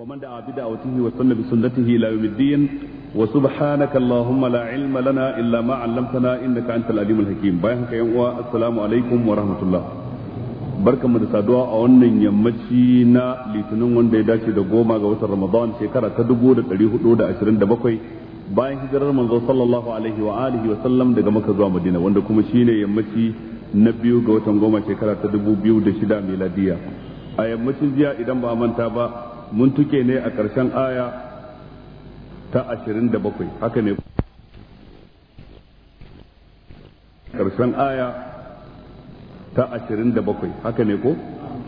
ومن دعا بدعوته وسن بسنته الى يوم الدين وسبحانك اللهم لا علم لنا الا ما علمتنا انك انت العليم الحكيم بايعك يا السلام عليكم ورحمه الله barkanmu da saduwa a wannan yammaci na litinin wanda ya dace da goma ga watan ramadan shekara ta dubu da ɗari hudu da ashirin da bakwai bayan hijirar manzo sallallahu alaihi wa alihi wa sallam daga maka zuwa madina wanda kuma shine yammaci na biyu ga watan goma shekara ta dubu biyu da shida miladiya a yammacin jiya idan ba manta ba mun tuke ne a ƙarshen aya ta ashirin da bakwai haka ne ƙarshen aya ta ashirin da bakwai haka ne ko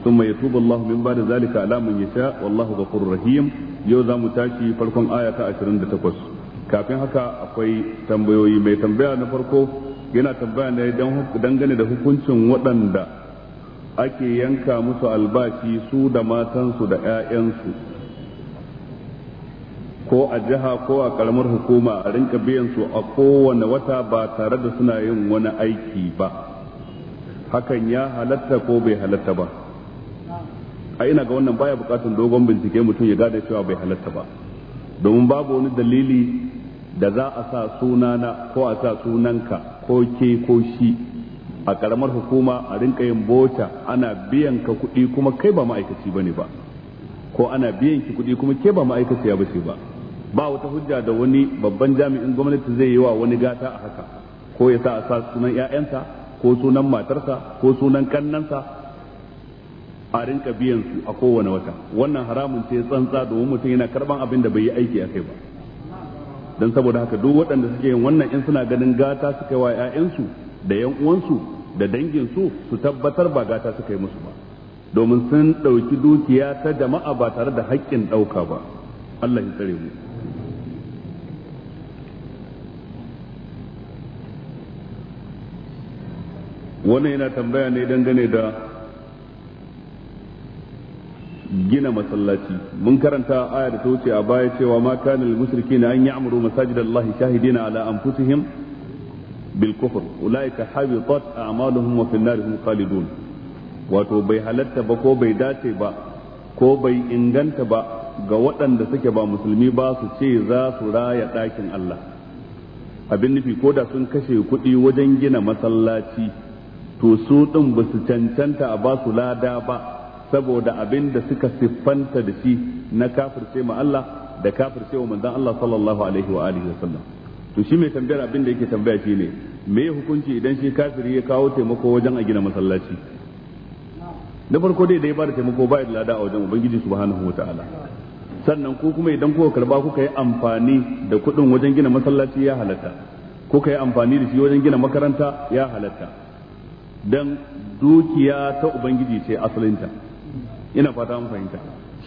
sun mai yatubu Allah min ba da zalika alamun ya sha wallahu ghafurur rahim yau za mu tashi farkon aya ta ashirin da takwas kafin haka akwai tambayoyi mai tambaya na farko yana tambaya ne dangane da hukuncin waɗanda ake yanka musu albashi su da matansu da 'ya'yansu ko a jiha ko a karamar hukuma a rinka biyan su a kowane wata ba tare da suna yin wani aiki ba hakan ya halatta ko bai halatta ba a ina ga wannan baya bukatun dogon bincike mutum ya gada cewa bai halatta ba domin babu wani dalili da za a sa sunana ko a sa sunanka ko ke ko shi a karamar hukuma a rinka yin bota ana biyan ka kuɗi kuma kai ba ma'aikaci ba ne ba ko ana biyan ki kuɗi kuma ke ba ma'aikaciya ya bace ba ba wata hujja da wani babban jami'in gwamnati zai yi wa wani gata a haka ko ya sa a sa sunan 'ya'yansa ko sunan matarsa ko sunan kannansa a rinka biyan su a kowane wata wannan haramun ce tsantsa domin mutum yana karban abin da bai yi aiki a kai ba don saboda haka duk waɗanda suke yin wannan in suna ganin gata suka yi wa 'ya'yansu da yan uwansu da danginsu su tabbatar ba gata suka yi musu ba domin sun ɗauki dukiya ta jama'a ba tare da haƙƙin ɗauka ba Allah ya tsare mu wannan yana tambaya ne dangane da gina masallaci mun karanta aya da ta wuce a baya cewa ma kana musulki na an yi amuru masajidallahi shahidina ala anfusihim bil kufr ulaika habitat a'maluhum wa fin narihim wato bai halatta ba ko bai dace ba ko bai inganta ba ga waɗanda suke ba musulmi ba su ce za su raya ɗakin Allah abin nufi ko da sun kashe kuɗi wajen gina masallaci to su ɗin ba su cancanta a ba su lada ba saboda abin da suka siffanta da shi na kafirce ma Allah da kafirce wa manzon Allah sallallahu alaihi wa alihi wa sallam to shi mai tambayar abin da yake tambaya shi ne me ya hukunci idan shi kafiri ya kawo taimako wajen a gina masallaci na farko dai dai ba da taimako ba da lada a wajen ubangiji subhanahu wataala sannan ko kuma idan kuka karba kuka yi amfani da kuɗin wajen gina masallaci ya halatta kuka yi amfani da shi wajen gina makaranta ya halatta dan dukiya ta ubangiji ce asalinta ina fata mun fahimta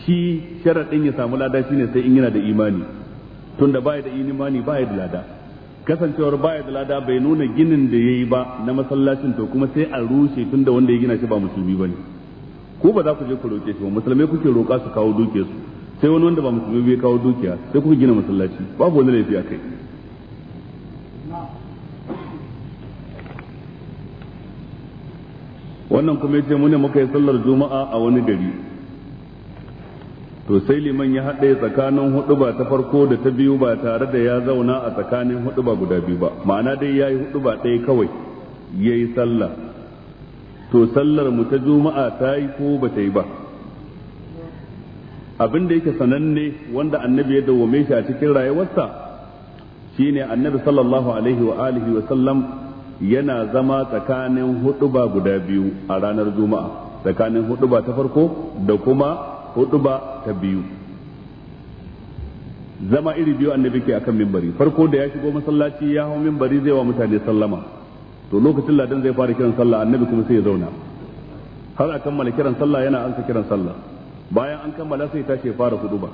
shi sharaɗin ya samu lada shine sai in yana da imani tunda baya da imani baya da lada kasancewar baya da lada bai nuna ginin da yayi ba na masallacin to kuma sai a rushe da wanda ya gina shi ba musulmi ne ko ba za ku je ku roƙe shi ba musulmai kuke roƙa su kawo dukiyar su sai wani wanda ba musulmi bai kawo dukiya sai kuka gina masallaci babu wani laifi a kai wannan kuma ce mu ne muka yi sallar juma'a a wani gari to sai liman ya haɗe tsakanin huduba ta farko da ta biyu ba tare da ya zauna a tsakanin ba guda biyu ba ma'ana dai ya yi huduba ɗaya kawai ya yi sallah to sallar mu ta juma'a ta yi ko ba ta yi ba abin da yake sananne wanda annabi ya dawwame shi a cikin rayuwarsa shine annabi sallallahu alaihi wa alihi wa sallam yana zama tsakanin huɗuba guda biyu a ranar juma'a tsakanin huɗuba ta farko da kuma hudu ba ta biyu zama iri biyu annabi ke akan mimbari farko da ya shigo masallaci ya hau mimbari zai wa mutane sallama to lokacin ladan zai fara kiran sallah annabi kuma sai ya zauna har a kammala kiran sallah yana ansa kiran sallah bayan an kammala sai tashi ya fara ba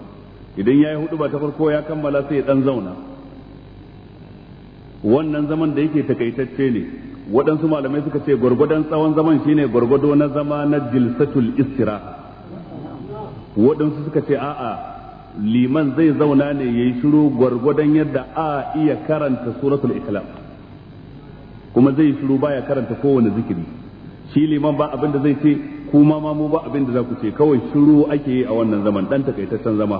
idan ya yi huduba ta farko ya kammala sai ya dan zauna wannan zaman da yake takaitacce ne waɗansu malamai suka ce gwargwadon tsawon zaman shine gwargwado na zama na jilsatul istiraha waɗansu suka ce a'a liman zai zauna ne ya yi shiru gwargwadon yadda a iya karanta suratul ikhlas kuma zai yi shiru baya karanta kowane zikiri shi liman ba abin da zai ce kuma ma mu ba abin da za ku ce kawai shiru ake yi a wannan zaman dan takaitaccen zama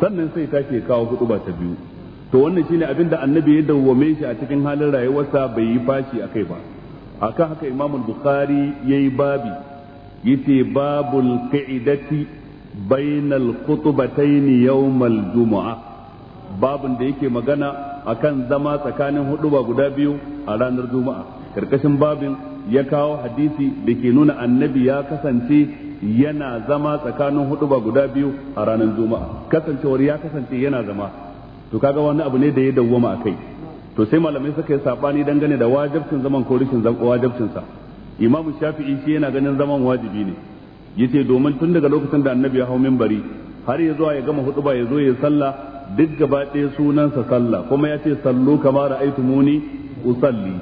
sannan sai tashi kawo hudu ba ta biyu to wannan shine abin da annabi ya dawwame shi a cikin halin rayuwarsa bai yi fashi akai ba akan haka imamul bukhari yayi babi yace babul qa'idati bainal khutbatayn yawmal Juma'a babin da yake magana akan zama tsakanin huduba guda biyu a ranar juma'a karkashin babin ya kawo hadisi da ke nuna annabi ya kasance yana zama tsakanin huduba guda biyu a ranar juma'a kasancewar ya kasance yana zama to kaga wani abu ne da ya dawwama akai to sai malamai suka yi sabani dangane da wajibcin zaman ko rishin wajibcin sa imam shafi'i shi yana ganin zaman wajibi ne yace domin tun daga lokacin da annabi ya hau minbari har ya zuwa ya gama hutuba ya zo ya sallah duk gaba ɗaya sunansa sallah kuma ya ce sallu kama ra'aytumuni usalli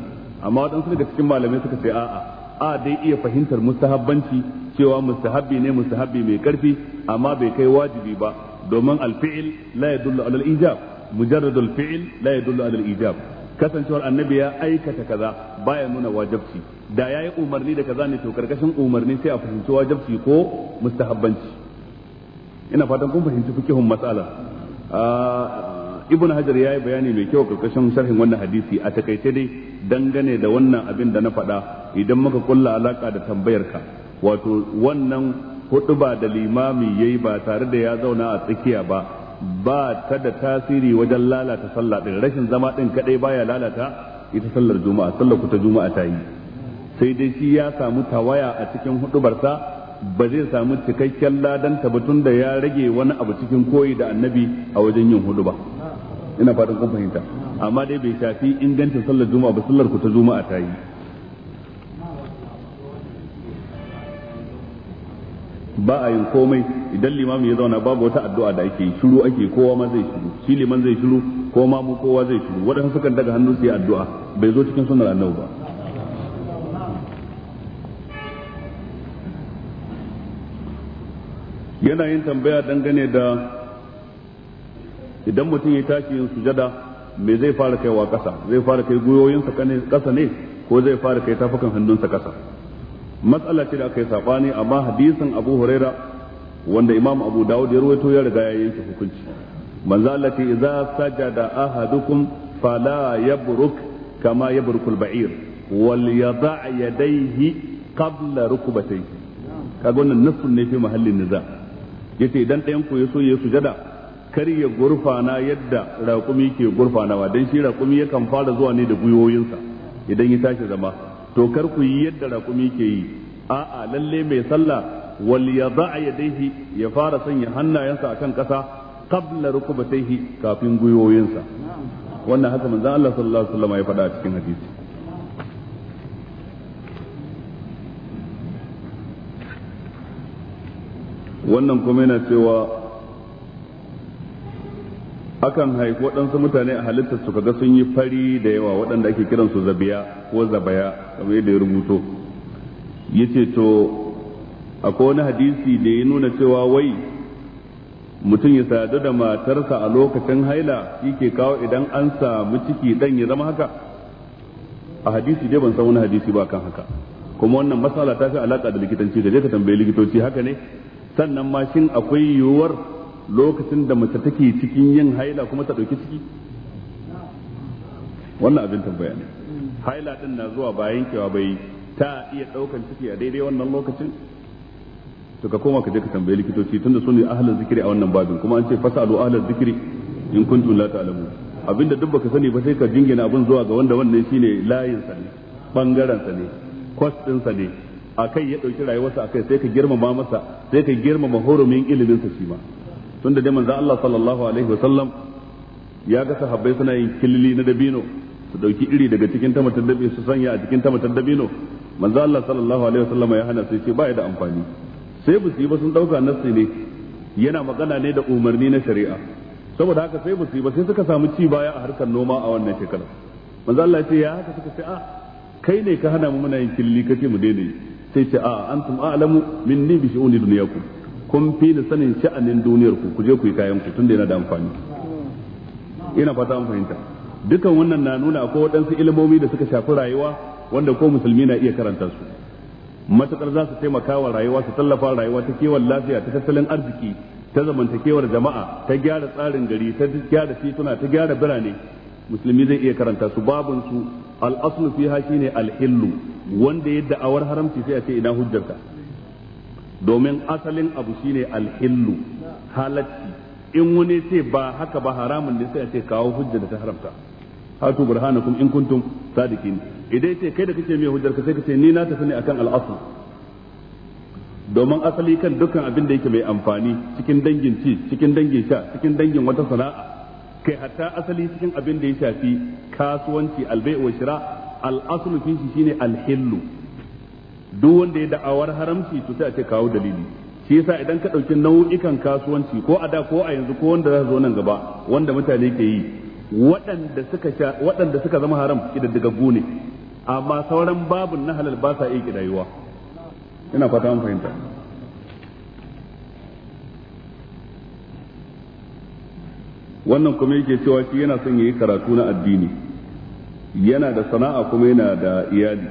amma waɗansu daga cikin malamai suka ce a'a a dai iya fahimtar mustahabbanci cewa mustahabbi ne mustahabbi mai karfi amma bai kai wajibi ba domin alfi'il la yadullu alal ijab mujarradul fi'il la yadullu alal ijab kasancewar annabi ya aikata kaza baya nuna wajabci da yayi umarni da kaza ne to karkashin umarni sai a fahimci wajabci ko mustahabbanci ina fatan kun fahimci fikihun matsala ah, ibn hajar yi bayani mai kyau karkashin sharhin wannan hadisi a takaice dai dangane da wannan abin da na faɗa idan muka kulla alaka da tambayarka wato wannan huɗuba da limami yayi ba tare da ya zauna a tsakiya ba ba ta da tasiri wajen lalata sallah din rashin zama ɗin kaɗai baya lalata ita sallar juma'a sallar ku ta juma'a ta yi sai dai shi ya samu tawaya a cikin hudubarsa ba zai samu cikakken ladan batun da ya rage wani abu cikin koyi da annabi a wajen yin huduba ina fatan kun fahimta amma dai bai shafi ingancin sallar juma'a ba sallar ku ta juma'a ta yi ba a yin komai idan limami ya zauna babu wata addu'a da ake yi shiru ake kowa ma zai shiru shi liman zai shiru ko ma mu kowa zai shiru waɗansu sukan daga hannu su yi addu'a bai zo cikin sunnar annabi ba yana yin tambaya dangane da idan mutum ya tashi yin sujada me zai fara kaiwa ƙasa zai fara kai gwiwoyinsa ƙasa ne ko zai fara kai tafukan hannunsa ƙasa matsala ce da aka yi saɓani amma hadisin abu huraira wanda imam abu dawud ya rawaito ya riga ya yanke hukunci manzo Allah ce idza sajada ahadukum fala yabruk kama yabrukul ba'ir wal yada' yadayhi qabla rukbatayhi kaga wannan nassun ne fi mahallin niza yace idan ɗayan ku yaso ya sujada kar ya gurfana yadda raƙumi ke gurfanawa dan shi raƙumi yakan fara zuwa ne da guyoyinsa idan ya tashi zama to kar ku yi yadda raƙumi ke yi a'a lalle mai sallah wal yada' yadayhi ya fara sanya hannayensa akan ƙasa qabla rukbatayhi kafin gwiwoyinsa wannan haka من Allah sallallahu alaihi wasallam ya a cikin hadisi wannan kuma yana cewa akan haifi waɗansu mutane a halittar su ga sun yi fari da yawa waɗanda ake kiransu zabiya ko zabaya kamar yadda ya rubuto ce to akwai wani hadisi da ya nuna cewa wai mutum ya sadu da matarsa a lokacin haila shi ke kawo idan an samu ciki dan ya zama haka a hadisi dai ban san wani hadisi ba kan haka kuma wannan matsala ta fi alaka da likitanci da ka tambayi likitoci haka ne sannan ma shin akwai yiwuwar lokacin da mace take cikin yin haila kuma ta ɗauki ciki wannan abin tambaya ne haila din na zuwa bayan kewa bai ta iya ɗaukan ciki a daidai wannan lokacin to ka koma ka je ka tambayi likitoci tunda su ne ahlul zikiri a wannan babin kuma an ce fasalu ahlul zikiri in kuntum la ta'lamu abinda duk baka sani ba sai ka jingina abin zuwa ga wanda wannan shine layin sa ne bangaren sa ne kwas din sa ne akai ya dauki rayuwarsa akai sai ka girmama masa sai ka girmama hurumin ilimin sa shi ma tunda dai manzo Allah sallallahu alaihi wasallam ya ga sahabbai suna yin killili na dabino su dauki iri daga cikin ta dabino su sanya a cikin ta tamatar dabino manzo Allah sallallahu alaihi wasallam ya hana sai ce ba ya da amfani sai ba su yi ba sun ɗauka nassi ne yana magana ne da umarni na shari'a saboda haka sai ba su ba sai suka samu ci baya a harkar noma a wannan shekarar manzo Allah ya ce ya haka suka ce a ah, kai ne ka hana mu muna yin killi kace mu daina yi sai ce a ah, antum a'lamu minni bi shu'uni dunyakum kun fi da sanin sha'anin duniyar ku ku je ku yi kayan ku tunda yana da amfani ina fata an fahimta dukan wannan na nuna akwai waɗansu ilimomi da suka shafi rayuwa wanda ko musulmi na iya karanta su matuƙar za su taimaka wa rayuwa su tallafa rayuwa ta kewar lafiya ta tattalin arziki ta zamantakewar jama'a ta gyara tsarin gari ta gyara tituna ta gyara birane musulmi zai iya karanta su babun su al'asulu fi fiha shine al-hillu wanda ya da'awar haramci sai a ce ina hujjarka domin asalin abu shine al-hillu halatti in wani ce ba haka ba haramun ne sai a ce kawo hujjar da ta haramta hatu burhanakum in kuntum sadiqin idan ce kai da kake mai hujjar ka sai kace ni na tafi ne akan al'asl domin asali kan dukkan abin da yake mai amfani cikin dangin ci cikin dangin sha cikin dangin wata sana'a kai hatta asali cikin abin da ya shafi kasuwanci albai'u wa shira al'aslu fi shi shine alhillu duk wanda ya da'awar haramci to sai a ce kawo dalili shi yasa idan ka ɗauki nau'ikan kasuwanci ko a da ko a yanzu ko wanda za su zo nan gaba wanda mutane ke yi waɗanda suka sha waɗanda suka zama haram daga gune amma sauran babun na halal ba sa iya kidayuwa ina fata mun fahimta wannan kuma yake cewa shi yana son yayi karatu na addini yana da sana'a kuma yana da iyali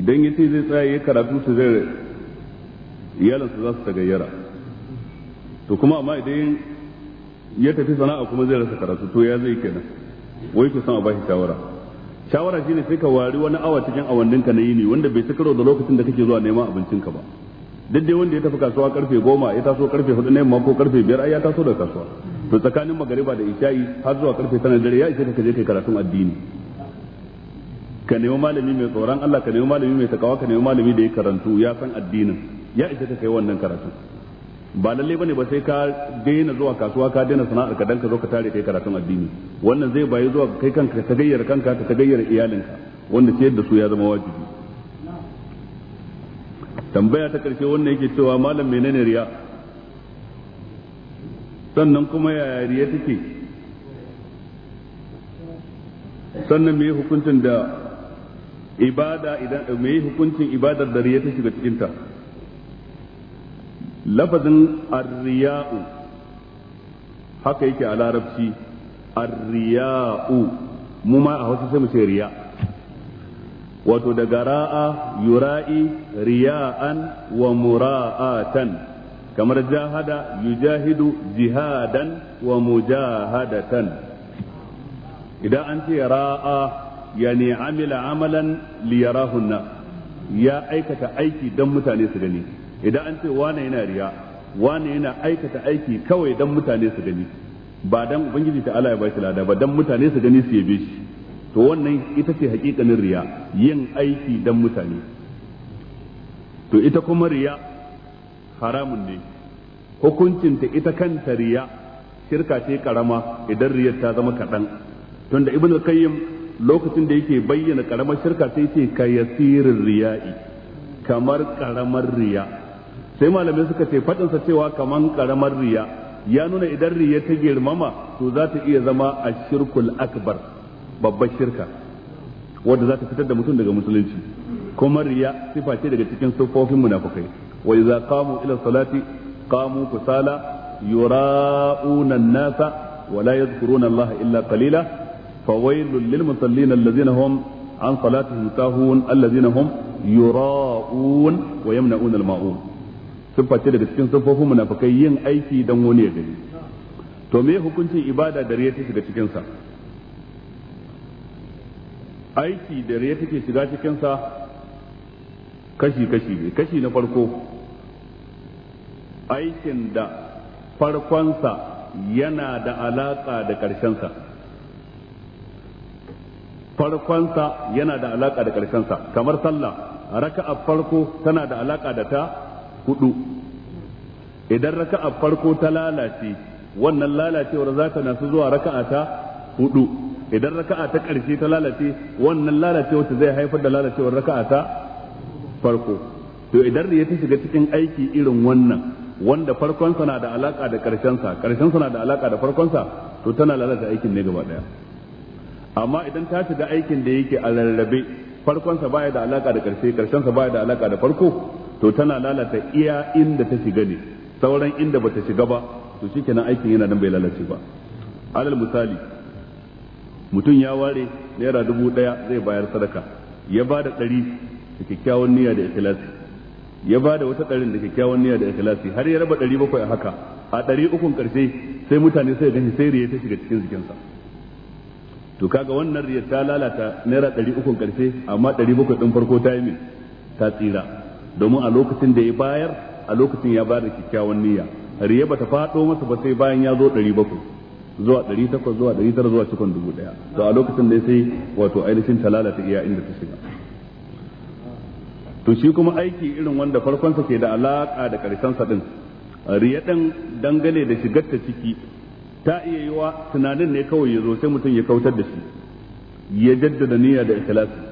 idan ya ce zai tsaya yayi karatu su zai iyalinsa za su tagayyara to kuma amma idan ya tafi sana'a kuma zai rasa karatu to ya zai kenan wai ke son a bashi shawara shawara shine sai ka wari wani awa cikin awannin ka na yini wanda bai sakaro da lokacin da kake zuwa neman abincin ka ba duk dai wanda ya tafi kasuwa karfe goma ya taso karfe hudu na yamma ko karfe biyar ai ya taso da kasuwa to tsakanin magariba da isha'i har zuwa karfe tana dare ya ishe ka je kai karatun addini ka nemi malami mai tsoron Allah ka nemi malami mai takawa ka nemi malami da ya karantu ya san addinin ya ishe ka kai wannan karatun ba lalle bane ba sai ka daina zuwa kasuwa ka daina sana'ar ka dan ka zo ka tare kai karatun addini wannan zai bayi zuwa kai kanka ka gayyar kanka ka tagayyar iyalinka wanda ce da su ya zama wajibi tambaya ta karshe wannan yake cewa malam menene riya sannan kuma yaya riya take sannan me hukuncin da ibada idan me hukuncin ibadar da riya ta shiga cikin ta lafazin arriya'u haka yake a larabci arriya'u mu ma a wasu sai mu ce riya wato daga ra'a yura'i riya'an wa mura'atan kamar jahada yujahidu jihadan wa mujahadatan idan an ce ra'a ya amila amalan liyarahunna ya aikata aiki don mutane su gani idan an ce wane yana riya wane yana aikata aiki kawai dan mutane su gani ba dan ubangiji ta Allah ya ba lada ba dan mutane su gani su yabe shi to wannan ita ce hakikanin riya yin aiki dan mutane to ita kuma riya haramun ne hukuncinta ita kanta riya shirka ce karama idan riyar ta zama kaɗan tunda ibn al lokacin da yake bayyana karamar shirka sai ce ka yasirin riya'i kamar karamar riya' sai malamai suka ce faɗinsa cewa kaman karamar riya ya nuna idan riya ta girmama to za ta iya zama a shirkul akbar babbar shirka wadda za ta fitar da mutum daga musulunci kuma riya sifa ce daga cikin siffofin munafukai wa idza kamu ila salati qamu kusala yura'una nasa wala yadhkuruna Allah illa qalila fawailul lil musallin alladhina hum an salatihim sahun alladhina hum yura'un wa yamna'un al-ma'un siffa ce daga cikin siffofin munafikai yin aiki don wani ya gani to me hukuncin ibada da riya take shiga cikin sa aiki da riya take shiga cikin sa kashi kashi ne kashi na farko aikin da farkonsa yana da alaka da ƙarshensa farkonsa yana da alaka da sa kamar sallah raka'a farko tana da alaka da ta hudu idan raka'a farko ta lalace wannan lalacewar za ta nasu zuwa raka'a ta hudu idan raka'a ta ƙarshe ta lalace wannan lalacewar ta zai haifar da lalacewar raka'a ta farko to idan ya ta shiga cikin aiki irin wannan wanda farkonsa na da alaka da ƙarshensa ƙarshensa na da alaka da farkonsa to tana lalata aikin ne gaba ɗaya, amma idan ta shiga aikin da yake a rarrabe farkonsa baya da alaka da ƙarshe ƙarshensa baya da alaka da farko to tana lalata iya inda ta shiga ne sauran inda bata shiga ba to kenan aikin yana nan bai lalace ba alal misali mutum ya ware naira dubu daya zai bayar sadaka ya ba da ɗari da kyakkyawan niyya da ikhlasi ya ba da wata ɗarin da kyakkyawan niyya da ikhlasi har ya raba ɗari bakwai a haka a ɗari ukun ƙarshe sai mutane sai gani sai riya ta shiga cikin jikinsa to kaga wannan riya ta lalata naira ɗari ukun ƙarshe amma ɗari bakwai ɗin farko ta yi ta tsira domin a lokacin da ya bayar a lokacin ya bayar da kyakkyawan niyya riya bata fado masa ba sai bayan ya zo 700 zuwa 800 zuwa 900 zuwa cikon 1000 to a lokacin da ya sai wato ainihin talala ta iya inda ta shiga to shi kuma aiki irin wanda farkonsa ke da alaƙa da karshen sa din riya din dangane da shigar ta ciki ta iya yiwa tunanin ne kawai ya zo sai mutum ya kautar da shi ya jaddada niyya da ikhlasi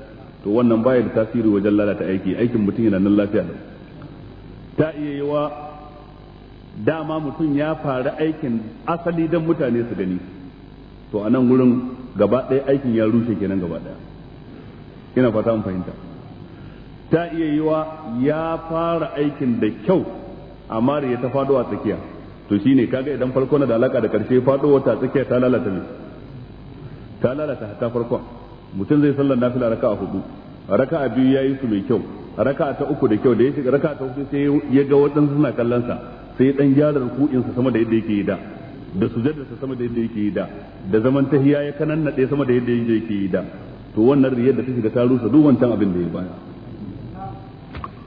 to wannan baya da tasiri wajen lalata aiki aikin mutum yana nan lafiya da ta iya yi wa dama mutum ya fara aikin asali don mutane su gani to a nan gurin gaba ɗaya aikin ya rushe kenan gaba ɗaya ina fata mun fahimta ta iya yi wa ya fara aikin da kyau amma da ya ta fado a tsakiya to shi ne kaga idan farko na da alaka da ƙarshe faɗo wata tsakiya ta lalata ne ta lalata ta farkon mutum zai sallar nafila a hudu a biyu ya yi su mai kyau raka ta uku da kyau da ya shiga raka ta hudu sai ya ga waɗansu suna kallon sa sai dan gyara ruku'in sama da yadda yake yi da da sujjada sa sama da yadda yake yi da da zaman tahiya ya kanannade sama da yadda yake yi da to wannan riyar da ta shiga ta rusa duk wancan abin da ya baya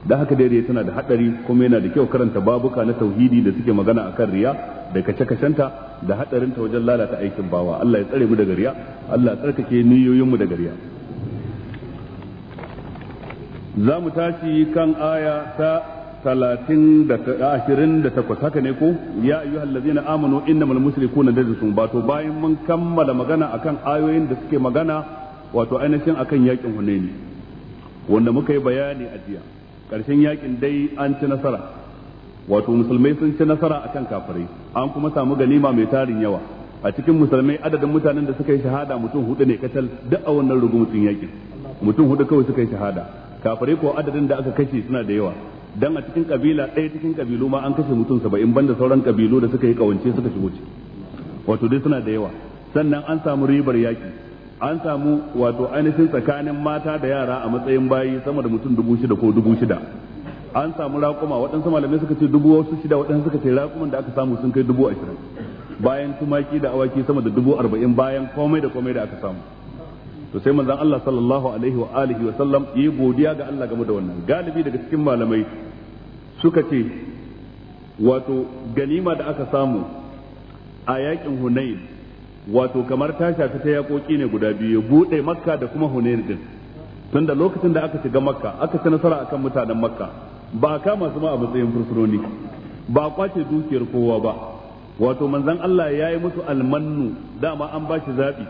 da haka dai tana da hadari kuma yana da kyau karanta babuka na tauhidi da suke magana akan riya da kace kashanta da hadarin ta wajen lalata aikin bawa Allah ya tsare mu daga riya Allah ya tsarkake niyoyin mu daga riya za mu tashi kan aya ta talatin da ashirin da takwas haka ne ko ya ayu allazina amanu innamal musrikuna najisun ba to bayan mun kammala magana akan ayoyin da suke magana wato ainihin akan yakin hunaini wanda muka yi bayani a jiya karshen yakin dai an ci nasara wato musulmai sun ci nasara a akan kafirai an kuma samu ganima mai tarin yawa a cikin musulmai adadin mutanen da suka yi shahada mutum hudu ne katal duk a wannan mutum yakin mutum hudu kawai suka yi shahada kafirai ko adadin da aka kashe suna da yawa dan a cikin kabila ɗaya cikin kabilu ma an kashe mutum saba'in banda sauran kabilu da suka yi kawance suka shigo ciki wato dai suna da yawa sannan an samu ribar yaki an samu wato ainihin tsakanin mata da yara a matsayin bayi sama da mutum dubu shida ko dubu shida an samu raƙuma waɗansu malamai suka ce dubu wasu shida waɗansu suka ce raƙuman da aka samu sun kai dubu ashirin bayan tumaki da awaki sama da dubu arba'in bayan komai da komai da aka samu to sai manzon Allah sallallahu alaihi wa alihi wa sallam yi godiya ga Allah game da wannan galibi daga cikin malamai suka ce wato ganima da aka samu a yakin Hunain wato kamar ta shafi ta yakoki ne guda biyu ya buɗe makka da kuma hunain din tunda lokacin da aka shiga makka aka ci nasara akan mutanen makka ba a kama su ma a matsayin fursunoni ba a kwace dukiyar kowa ba wato manzon Allah ya yi musu almannu dama an ba shi zabi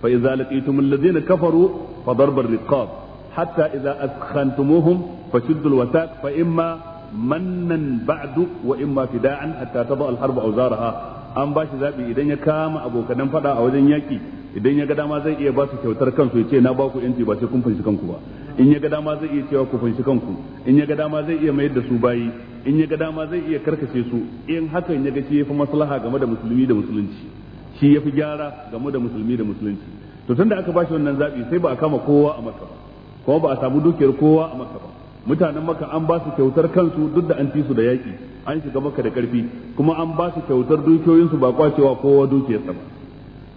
fa idza laqitum alladhina kafaru fa darbar riqab hatta iza askhantumuhum fashuddul wasaq fa imma mannan ba'du wa imma fida'an hatta tada al-harb awzaraha an ba shi zaɓi idan ya kama abokanan faɗa a wajen yaƙi idan ya ga dama zai iya ba su kyautar kansu ya ce na ba ku yanci ba sai kun fanshi kanku ba in ya ga dama zai iya cewa ku fanshi kanku in ya ga dama zai iya mayar da su bayi in ya ga dama zai iya karkace su in hakan ya ga shi yafi maslaha game da musulmi da musulunci shi yafi gyara game da musulmi da musulunci to tunda aka ba shi wannan zaɓi sai ba a kama kowa a makka ba kuma ba a samu dukiyar kowa a makka ba mutanen maka an ba su kyautar kansu duk da an ci su da yaƙi an shiga maka da ƙarfi kuma an ba su kyautar dukiyoyinsu ba kwacewa kowa dukiyar ba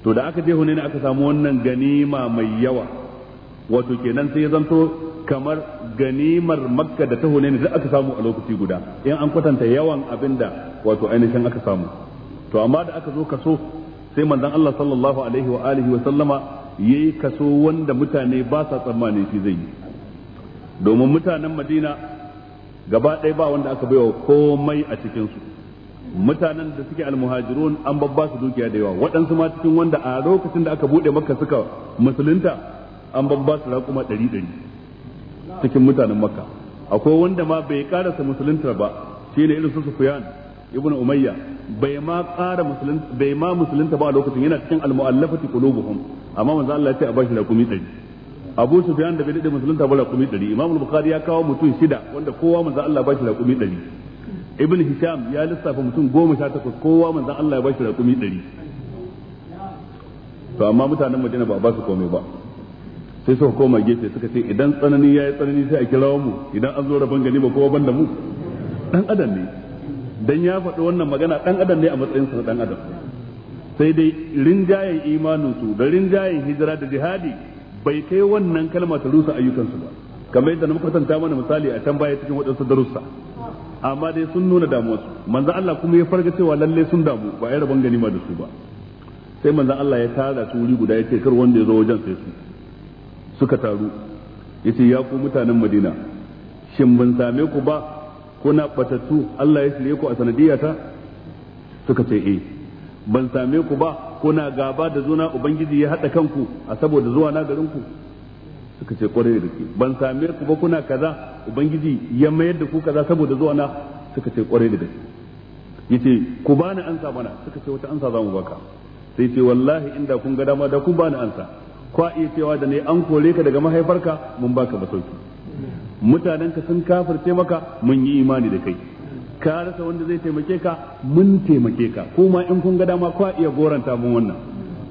to da aka je hune ne aka samu wannan ganima mai yawa wato kenan sai ya zanto kamar ganimar makka da ta hune ne duk aka samu a lokaci guda in an kwatanta yawan abin da wato ainihin aka samu to amma da aka zo kaso sai manzon Allah sallallahu alaihi wa alihi wa sallama yayi kaso wanda mutane ba sa tsammanin shi zai yi domin mutanen madina gaba ɗaya ba wanda aka baiwa komai a cikinsu mutanen da suke almuhajirun an babba su dukiya da yawa waɗansu ma cikin wanda a lokacin da aka buɗe makka suka musulunta an babba su raƙuma ɗari ɗari cikin mutanen makka akwai wanda ma bai ƙarasa musuluntar ba shi ne irin su sufyan ibn umayya bai ma ƙara musulunta bai ma musulunta ba a lokacin yana cikin almu'allafati qulubuhum amma manzo Allah ya ce a bashi raƙumi ɗari abu sufyan da bai dade ta bala kumi dari imam bukhari ya kawo mutum shida wanda kowa manzo Allah ba shi kumi dari ibn hisham ya lissafa mutum 18 kowa manzo Allah ya ba shi kumi 100 to amma mutanen Madina ba ba su komai ba sai suka koma gefe suka ce idan tsanani ya yi tsanani sai a kirawo mu idan an zo rabon gani ba kowa ban da mu dan adam ne dan ya faɗi wannan magana dan adam ne a matsayin sa dan adam sai dai rinjayen imanin su da rinjayen hijira da jihadi bai kai wannan kalma ta rusa ayyukansu ba kamar yadda na kwatanta mana misali a can baya cikin waɗansu darussa amma dai sun nuna damuwarsu manzo Allah kuma ya farga cewa lalle sun damu ba ai rabon ganima da su ba sai manzo Allah ya tara su wuri guda ya ce kar wanda ya zo wajen sai su suka taru ya ya ku mutanen Madina shin ban same ku ba kuna batatu Allah ya shirye ku a sanadiyata suka ce eh ban same ku ba kuna gaba da juna ubangiji ya hada kanku a saboda zuwa na garin ku suka ce kwarai da ke ban same ku ba kuna kaza ubangiji ya mayar da ku kaza saboda zuwa na suka ce kwarai da ke yace ku bani ansa mana suka ce wata ansa zamu baka sai ce wallahi inda kun ga dama da kun bani ansa kwa iya cewa da ne an kore ka daga mahaifarka mun baka masauki ka sun kafirce maka mun yi imani da kai ka rasa wanda zai taimake ka mun taimake ka kuma in kun ga dama kwa iya goranta mun wannan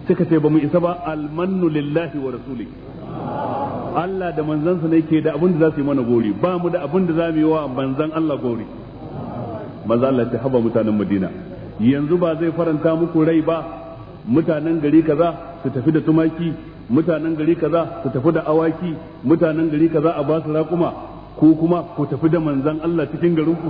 suka ce ba mu isa ba almannu lillahi wa rasuli Allah da manzansa ne ke da abin za su yi mana gori ba mu da abin da za mu yi wa manzan Allah gori maza Allah ta haba mutanen Madina yanzu ba zai faranta muku rai ba mutanen gari kaza su tafi da tumaki mutanen gari kaza su tafi da awaki mutanen gari kaza a ba su raƙuma ko kuma ku tafi da manzan Allah cikin garinku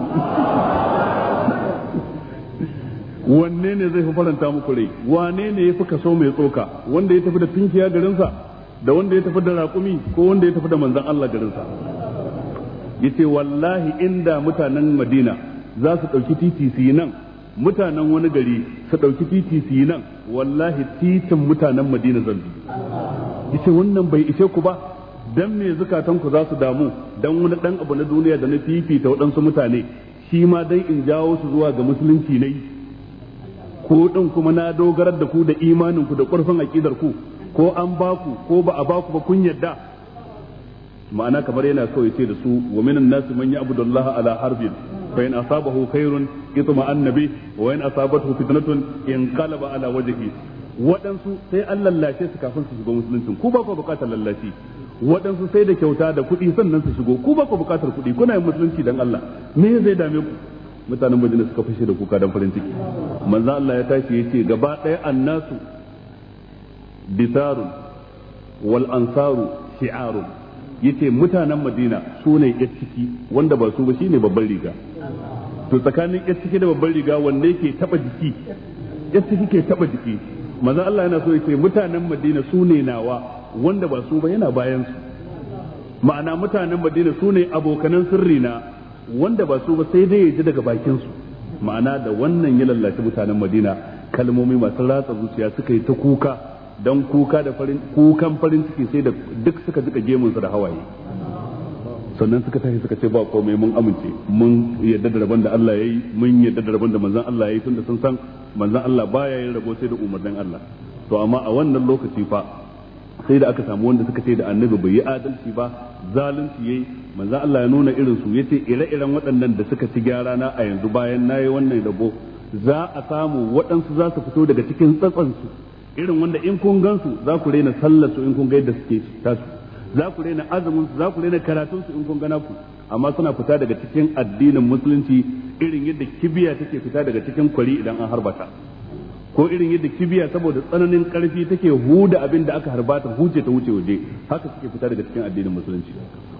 wanne ne zai faranta muku rai wane ne ya fi kaso mai tsoka wanda ya tafi da tunkiya garinsa da wanda ya tafi da raƙumi ko wanda ya tafi da manzan Allah garinsa yace wallahi inda mutanen Madina za su ɗauki titi su nan mutanen wani gari su ɗauki titi su nan wallahi titin mutanen Madina zan bi yace wannan bai ishe ku ba dan me zukatanku ku za su damu dan wani dan abu na duniya da na fifita waɗansu mutane shi ma dai in jawo su zuwa ga musulunci ne ko din kuma na dogarar da ku da imanin ku da ƙarfin aƙidar ku ko an baku ko ba a baku ba kun yadda ma'ana kamar yana so ya ce da su wa minan nasu man ya'budu ala harbin fa in asabahu khairun itma annabi wa in asabathu fitnatun in qalaba ala wajhihi waɗansu sai an lallashe su kafin su shiga musulunci, ku ba ku bukatar lallace? waɗansu sai da kyauta da kuɗi sannan su shigo ku ba ku buƙatar kuɗi kuna yin musulunci dan Allah me zai dame ku mutanen Madina suka fashe da kuka dan farin ciki manzo Allah ya tashi yace gaba ɗaya annasu bisarun wal ansaru shi'arun yace mutanen Madina su ne ciki wanda ba su ba shine babban riga to tsakanin ciki da babban riga wanda yake taba jiki ciki ke taba jiki manzo Allah yana so yace mutanen Madina su ne nawa wanda ba su ba yana bayan su ma'ana mutanen madina su ne abokanan sirri na wanda ba su ba sai dai ya ji daga bakin su ma'ana da wannan ya lallashi mutanen madina kalmomi masu ratsa zuciya suka yi ta kuka don kuka da farin kukan farin ciki sai da duk suka jika gemun su da hawaye sannan suka tafi suka ce ba komai mun amince mun yadda da rabon da Allah yayi mun yadda da rabon da manzon Allah yayi tunda sun san manzon Allah baya yin rabo sai da umarnin Allah to amma a wannan lokaci fa sai da aka samu wanda suka ce da annabi bai yi adalci ba zalunci yayi manzo Allah ya nuna irin su yace ire-iren waɗannan da suka ci gyara na a yanzu bayan nayi wannan rabo za a samu waɗansu za su fito daga cikin tsatsansu irin wanda in kun gansu za ku rena sallar su in kun ga yadda suke tasu za ku rena azumin su za ku rena karatun su in kun gana ku amma suna fita daga cikin addinin musulunci irin yadda kibiya take fita daga cikin kwari idan an harbata ko irin yadda kibiya saboda tsananin karfi take huda abin da aka harba ta huce ta wuce waje haka suke fita daga cikin addinin musulunci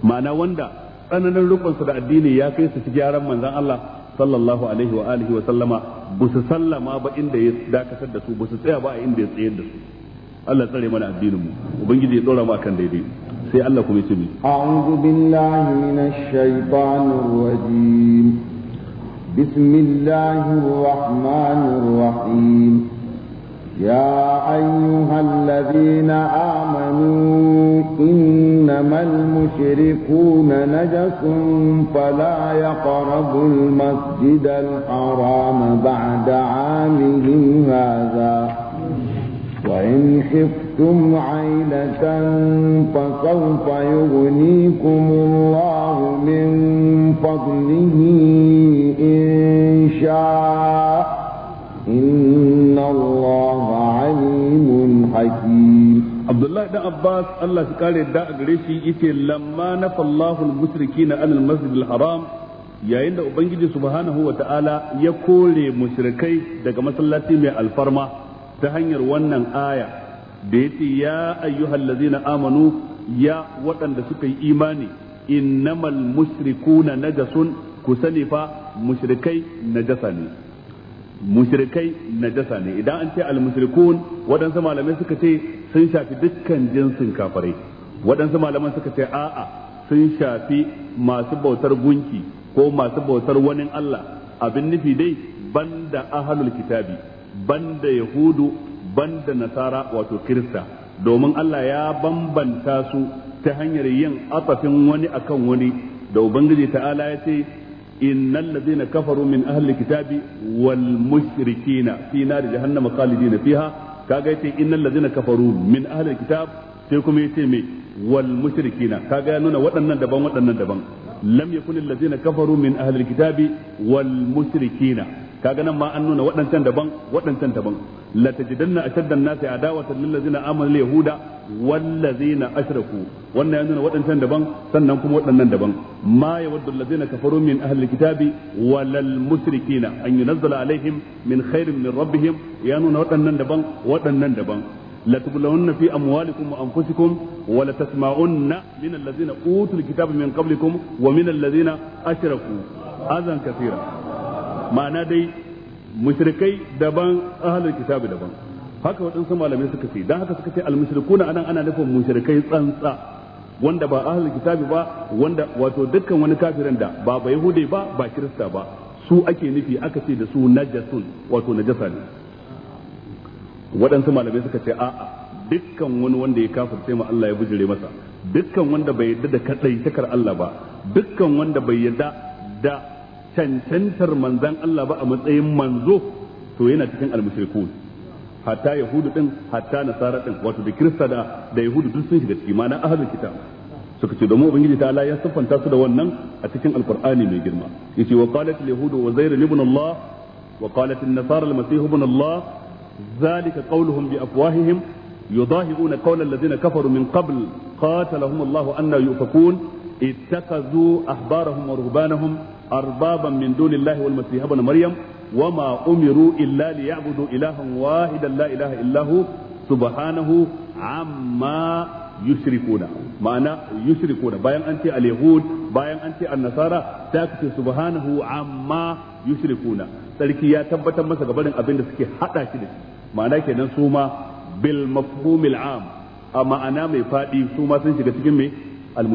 ma'ana wanda tsananin rukunsa da addini ya kai su ci gyaran manzon Allah sallallahu alaihi wa alihi wa sallama bu su sallama ba inda ya dakatar da su bu su tsaya ba a inda ya tsayar da su Allah tsare mana addinin mu ubangiji ya dora mu akan daidai sai Allah kuma ya ce mi a'udhu billahi minash shaitanir rajim بسم الله الرحمن الرحيم يا أيها الذين آمنوا إنما المشركون نجس فلا يقربوا المسجد الحرام بعد عامهم هذا وإن خفتم عيلة فسوف يغنيكم الله من فضله Abdullahi dan Abbas Allah shi kare da a gare shi yace lamma nafallahu al-mushrikina an al-masjid al-haram yayin da ubangiji subhanahu wa ta'ala ya kore mushrikai daga masallaci mai alfarma ta hanyar wannan aya da yace ya ayyuhallazina amanu ya waɗanda suka yi imani innamal mushrikuna najasun ku sani fa mushrikai najasa ne mushrikai najasa ne idan an ce al-mushrikun waɗansu malamai suka ce sun shafi dukkan jinsin kafirai waɗansu malaman suka ce a'a sun shafi masu bautar gunki ko masu bautar wani Allah abin nufi dai banda ahlul kitabi banda yahudu banda nasara wato kirista domin Allah ya bambanta su ta hanyar yin afafin wani akan wani da ubangiji ta'ala ya ce innal ladhina kafaru min ahli kitabi wal mushrikina fi nar jahannama khalidina fiha kaga yace innal ladhina kafaru min ahli kitab sai kuma ce me wal mushrikina kaga ya nuna waɗannan daban waɗannan daban lam yakun alladhina kafaru min ahli kitabi wal mushrikina kaga nan ma an nuna waɗancan daban waɗancan daban la tajidanna ashaddan nasi adawatan lil ladzina amanu yahuda wal ladzina ashraku wannan ya nuna waɗancan daban sannan kuma waɗannan daban ma yawaddu ladzina kafaru min ahli kitabi walal mushrikina an yunazzala alaihim min khairin min rabbihim ya nuna waɗannan daban waɗannan daban لتبلون في أموالكم وأنفسكم ولتسمعن من الذين أوتوا الكتاب من قبلكم ومن الذين أشركوا أذى كثيرا ma'ana dai mushrikai daban ahlul kitabi daban haka waɗansu malamai suka ce dan haka suka ce al-mushrikuna anan ana nufin mushrikai tsantsa wanda ba ahlul kitabi ba wanda wato dukkan wani kafirin da ba ba hudai ba ba kirista ba su ake nufi aka ce da su najasun wato najasa ne waɗansu malamai suka ce a'a dukkan wani wanda ya kafirce ma Allah ya bujire masa dukkan wanda bai yarda da kadai takar Allah ba dukkan wanda bai yarda da cancantar manzan Allah ba a matsayin manzo to yana cikin almushrikun hatta yahudu din hatta nasara din wato da kirista da da yahudu duk sun shiga ciki ma'ana ahlul kitab suka ce domin ubangiji ta Allah ya siffanta su da wannan a cikin alqur'ani mai girma yace wa qalat yahudu wa zayr ibn Allah wa qalat an-nasara al-masih ibn Allah zalika qawluhum bi afwahihim يضاهئون قول الذين كفروا من قبل قاتلهم anna yufakun يؤفكون ahbarahum wa ruhbanahum arbaban min dunillahi wal masih ibn maryam wama umiru illa liya'budu ilahan wahidan la ilaha subhanahu amma yushrikuna ma'ana yushrikuna bayan an ce al-yahud bayan an ce an-nasara ta subhanahu amma yushrikuna sarki ya tabbatar masa ga barin abin da suke hada shi da shi ma'ana kenan su ma bil mafhumil am a ma'ana mai fadi suma sun shiga cikin me al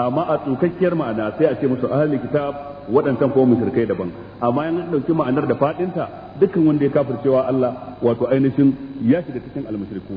amma a tsukakkiyar ma'ana sai a ce musu ahli kitab waɗancan kuma mushrikai daban amma yana ɗauki ma'anar da faɗinta dukkan wanda ya kafircewa Allah wato ainihin ya shiga cikin almushriku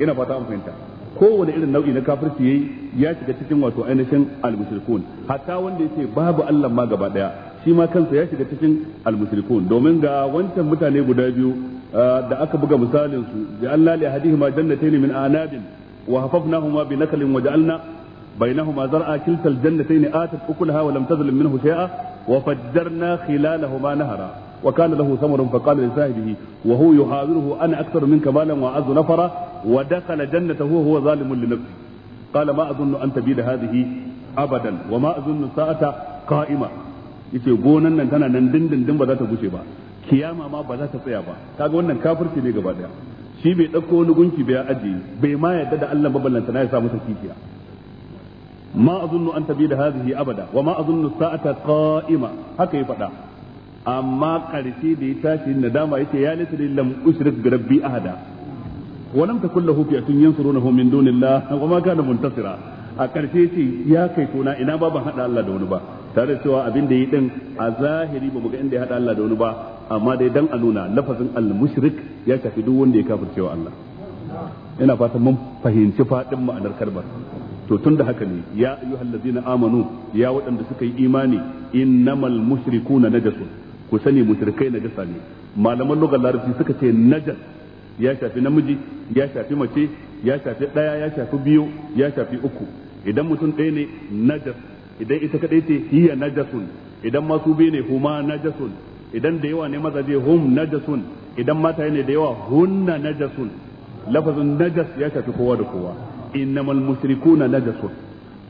ina fata an fahimta kowane irin nau'i na kafirci yayi ya shiga cikin wato ainihin almushrikun hatta wanda ya ce babu Allah ma gaba daya shi ma kansa ya shiga cikin almushrikun domin ga wancan mutane guda biyu ah, da aka buga misalin su da Allah li hadihima jannatayn min anabin wa hafafnahuma bi nakalin wa ja'alna بينهما زرعا كلتا الجنتين آتت أكلها ولم تظلم منه شيئا وفجرنا خلالهما نهرا وكان له ثمر فقال لصاحبه وهو يحاوره أنا أكثر منك مالا وأعز نفرا ودخل جنته وهو ظالم لنفسه قال ما أظن أن تبيد هذه أبدا وما أظن الساعة قائمة yace gonan nan tana nan dindindin ba za ta gushe ba kiyama ma ba za ta tsaya ba kaga wannan kafirci ne gaba daya shi bai dauko wani gunki bai ajiye bai ma yarda da Allah ba ballanta na ya sa masa kikiya ma azunnu an tabi da hazihi abada wa ma azunnu sa'ata qa'ima haka ya faɗa amma ƙarshe da ya tashi nadama yace ya lita lam ushrik bi rabbi ahada wa lam takul lahu fi'atun yansurunahu min dunillah wa ma kana muntasira a ƙarshe ce ya kai ina ba ban hada Allah da wani ba tare da cewa abin da ya yi din a zahiri ba mu ga inda ya hada Allah da wani ba amma dai dan a nuna lafazin al-mushrik ya tafi duk wanda ya kafircewa Allah ina fatan mun fahimci fadin ma'anar kalmar to da haka ne ya ayyuhallazina amanu ya waɗanda suka yi imani innamal mushrikuna najasun ku sani mushrikai najasa ne malaman lugar larabci suka ce najas ya shafi namiji ya shafi mace ya shafi ɗaya ya shafi biyu ya shafi uku idan mutum ɗaya ne najas idan ita kaɗai ce hiya najasun idan masu biyu ne huma najasun idan da yawa ne mazaje hum najasun idan mata ne da yawa hunna najasun lafazin najas ya shafi kowa da kowa na المشركون نجس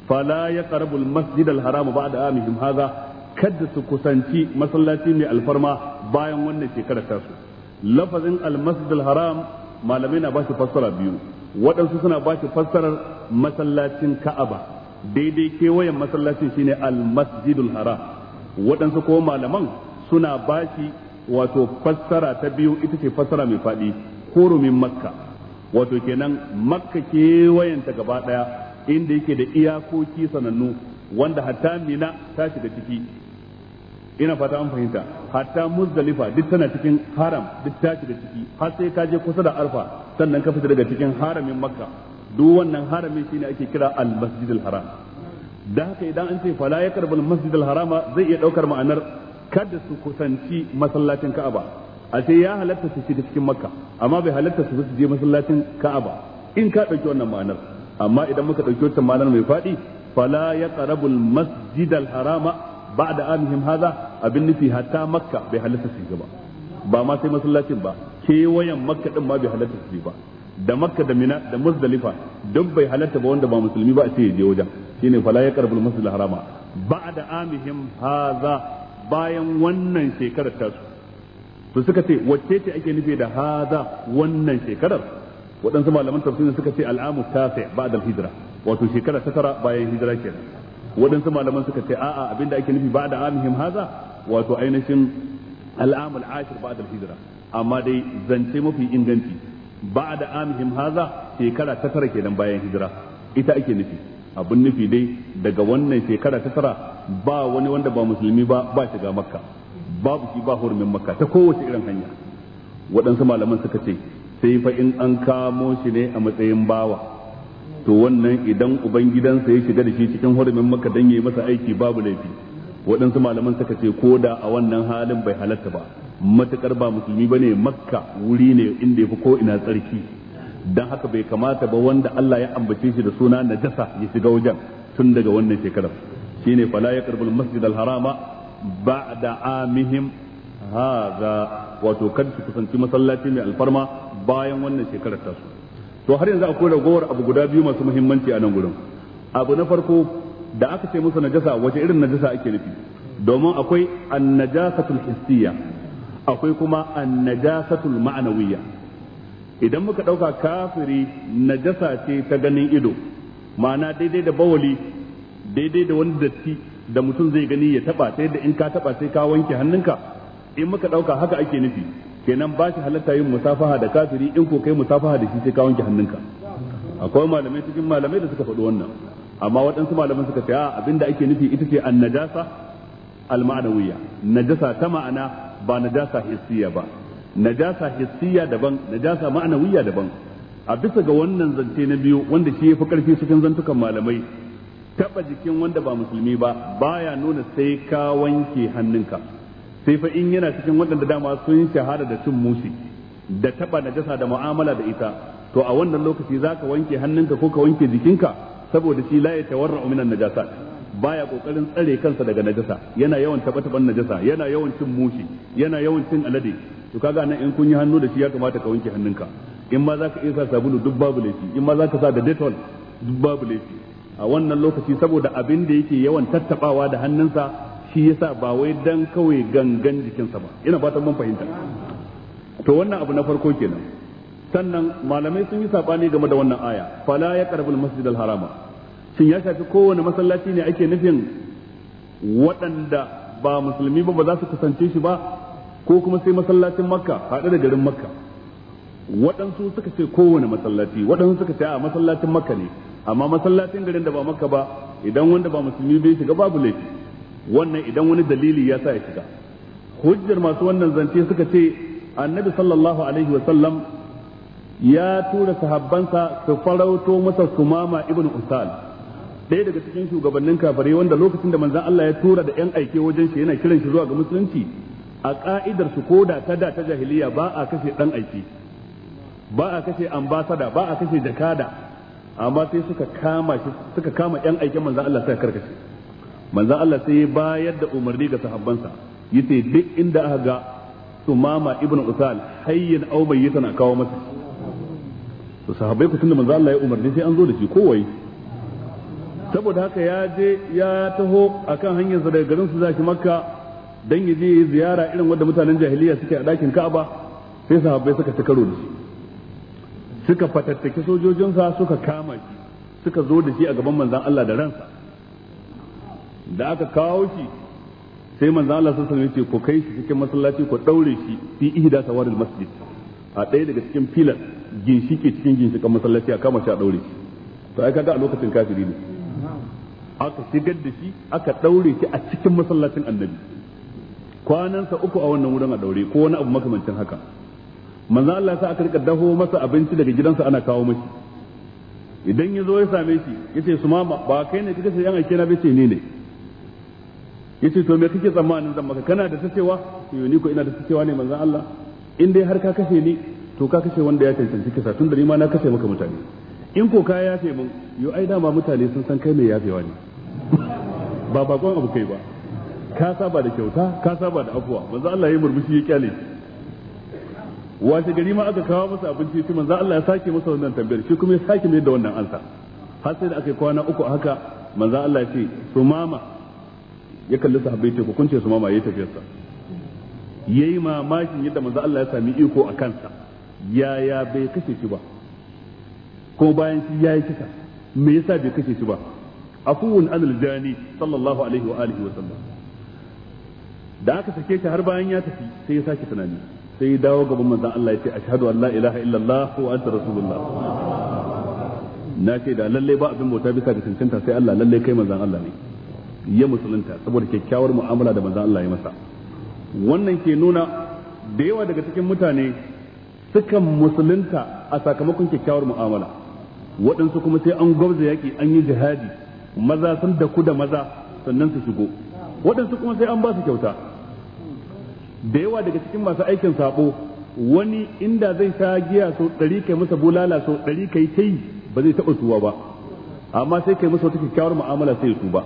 فلا يقرب المسجد الحرام بعد عامهم هذا kada su kusanci masallaci mai alfarma bayan wannan shekarar tasu lafazin almasjid haram malamai na ba shi fassara biyu waɗansu suna ba shi fassarar masallacin ka'aba daidai kewayen masallacin shine almasjidul haram waɗansu ko malaman suna ba wato fassara ta biyu ita ce fassara mai faɗi hurumin makka wato kenan makka kewayenta gaba daya inda yake da iyakoki sanannu wanda hatta mina ta shiga ciki ina fata an fahimta hatta muzdalifa duk tana cikin haram duk ta shiga ciki har sai ka je kusa da arfa sannan ka fita daga cikin haramin makka duk wannan haramin shine ake kira al masjidil haram da haka idan an ce fala yakarbul masjidil harama zai iya daukar ma'anar kada su kusanci masallacin ka'aba a ce ya halatta su shiga cikin makka amma bai halatta su su je masallacin ka'aba in ka ɗauki wannan ma'anar amma idan muka ɗauki wannan ma'anar mai faɗi fala ya qarabul masjidal harama da amhim haza abin nufi hatta makka bai halatta su ba ba ma sai masallacin ba kewayen makka ɗin ma bai halatta su ba da makka da mina da muzdalifa duk bai halatta ba wanda ba musulmi ba ce ya je wajen shine fala ya qarbul masjidal harama da amihim haza bayan wannan shekarar tasu to suka ce wacce ce ake nufi da haza wannan shekarar waɗansu malaman tafsirin suka ce al'amu tafi ba'da hijira wato shekara ta tara bayan hijira kenan waɗansu malaman suka ce a'a abinda ake nufi ba'da amihim haza wato ainihin al'amul ashir ba'da hijira amma dai zance mafi inganci ba'da amihim haza shekara ta tara kenan bayan hijira ita ake nufi abin nufi dai daga wannan shekara ta tara ba wani wanda ba musulmi ba ba shiga makka babu shi ba hurumin makka ta kowace irin hanya waɗansu malaman suka ce sai fa in an kamo shi ne a matsayin bawa to wannan idan ubangidansa ya shiga da shi cikin hurumin makka dan yi masa aiki babu laifi waɗansu malaman suka ce ko da a wannan halin bai halatta ba matuƙar ba musulmi ne makka wuri ne inda ya fi ko ina tsarki don haka bai kamata ba wanda Allah ya ambace shi da suna najasa ya shiga wajen tun daga wannan shekarar shine fala ya karbul masjidal harama ba'da amihim hadha wato kan su kusanci masallaci mai alfarma bayan wannan shekarar tasu to har yanzu akwai ragowar abu guda biyu masu muhimmanci a nan gurin abu na farko da aka ce musu najasa wace irin najasa ake nufi domin akwai annajasatul hissiya akwai kuma annajasatul ma'anawiyya idan muka ɗauka kafiri najasa ce ta ganin ido ma'ana daidai da bawali daidai da wani datti da mutum zai gani ya taba sai da in ka taba sai ka wanke hannunka in muka dauka haka ake nufi kenan ba shi halatta yin musafaha da kafiri in ko kai musafaha da shi sai ka wanke hannunka akwai malamai cikin malamai da suka faɗi wannan amma waɗansu malamai suka ce a abinda ake nufi ita ce annajasa alma'anawiyya najasa ta ma'ana ba najasa hissiya ba najasa hissiya daban najasa ma'anawiyya daban a bisa ga wannan zance na biyu wanda shi ya fi karfi cikin zantukan malamai taba jikin wanda ba musulmi ba baya nuna sai ka wanke hannunka sai fa in yana cikin waɗanda dama sun shahara da cin musu da taba najasa da mu'amala da ita to a wannan lokaci za ka wanke hannunka ko ka wanke jikinka saboda shi la tawarra minan najasa baya kokarin tsare kansa daga najasa yana yawan taba taban najasa yana yawan cin mushi yana yawan cin alade to kaga nan in kun yi hannu da shi ya kamata ka wanke hannunka in ma ka iya sa sabulu duk babu laifi in ma ka sa da dettol duk babu laifi a wannan lokaci saboda abin da yake yawan tattabawa da hannunsa shi yasa ba wai dan kawai gangan jikinsa ba ina fatan mun fahimta to wannan abu na farko kenan sannan malamai sun yi sabani game da wannan aya fala ya karbul masjid al harama shin ya shafi kowane masallaci ne ake nufin waɗanda ba musulmi ba ba za su kasance shi ba ko kuma sai masallacin makka haɗe da garin makka waɗansu suka ce kowane masallaci waɗansu suka ce a masallacin makka ne amma masallacin garin da ba maka ba idan wanda ba musulmi bai shiga babu laifi wannan idan wani dalili ya sa ya shiga hujjar masu wannan zance suka ce annabi sallallahu alaihi wa sallam ya tura sahabbansa su farauto masa sumama ibn usal ɗaya daga cikin shugabannin kafare wanda lokacin da manzon Allah ya tura da yan aike wajen shi yana kiran shi zuwa ga musulunci a ka'idar su koda ta da ta jahiliya ba a kashe ɗan aiki ba a kashe ambasada ba a kashe jakada amma sai suka kama shi suka kama yan aikin manzon Allah sai karkace manzon Allah sai bayar da umarni ga sahabbansa yace duk inda aka ga sumama ibnu usal hayyin aw mayyitan a kawo masa to sahabbai ku tunda manzon Allah ya umarni sai an zo da shi kowai saboda haka ya je ya taho akan hanyar sa daga garin su zaki makka dan ya je ziyara irin wanda mutanen jahiliya suke a dakin Ka'aba sai sahabbai suka ci karo da shi suka fatattaki sojojinsa suka kama shi suka zo da shi a gaban manzan Allah da ransa da aka kawo shi sai manzan Allah sun ce ku kai shi cikin masallaci ku daure shi fi ihda sawaril masjid a ɗaya daga cikin filan ginshike cikin ginshikan masallaci a kama shi a daure shi to ai kaga a lokacin kafiri ne aka shigar da shi aka ɗaure shi a cikin masallacin annabi kwanansa uku a wannan wurin a daure ko wani abu makamancin haka manzo Allah sa aka rika daho masa abinci daga gidansa ana kawo mashi idan ya zo ya same shi yace su ma ba kai ne kika sai yan aike na bace ni ne yace to me kike tsammanin zan maka kana da tacewa to ni ko ina da tacewa ne manzo Allah in dai har ka kashe ni to ka kashe wanda ya cancanci kisa tun da ni ma na kashe maka mutane in ko ka yafe mun yo ai dama mutane sun san kai mai yafewa ne ba bakon abu kai ba ka saba da kyauta ka saba da afuwa manzo Allah ya murmushi ya kyale wace gari ma aka kawo masa abinci shi manzo Allah ya sake masa wannan tambayar shi kuma ya sake mai da wannan ansa har sai da aka kwana uku haka manzo Allah ya ce su mama ya kalli sahabbai ce ku su mama yayi tafiyarsa yayi mamakin yadda manzo Allah ya sami iko a kansa yaya bai kashe shi ba ko bayan shi yayi kisa me yasa bai kashe shi ba afuwun anil jani sallallahu alaihi wa alihi wa sallam da aka sake shi har bayan ya tafi sai ya sake tunani sai dawo gaban manzon Allah ya ce ashhadu an la ilaha illallah wa anta rasulullah na ce da lalle ba abin bauta bisa ga cancanta sai Allah lalle kai manzon Allah ne ya musulunta saboda kyakkyawar mu'amala da manzon Allah ya masa wannan ke nuna da yawa daga cikin mutane sukan musulunta a sakamakon kyakkyawar mu'amala waɗansu kuma sai an gwabza yaƙi an yi jihadi maza sun da da maza sannan su shigo waɗansu kuma sai an ba su kyauta da yawa daga cikin masu aikin sabo wani inda zai sa giya sau ɗari kai masa bulala sau ɗari kai ta yi ba zai taɓa tuwa ba amma sai kai masa wata kyakkyawar mu'amala sai ya tuba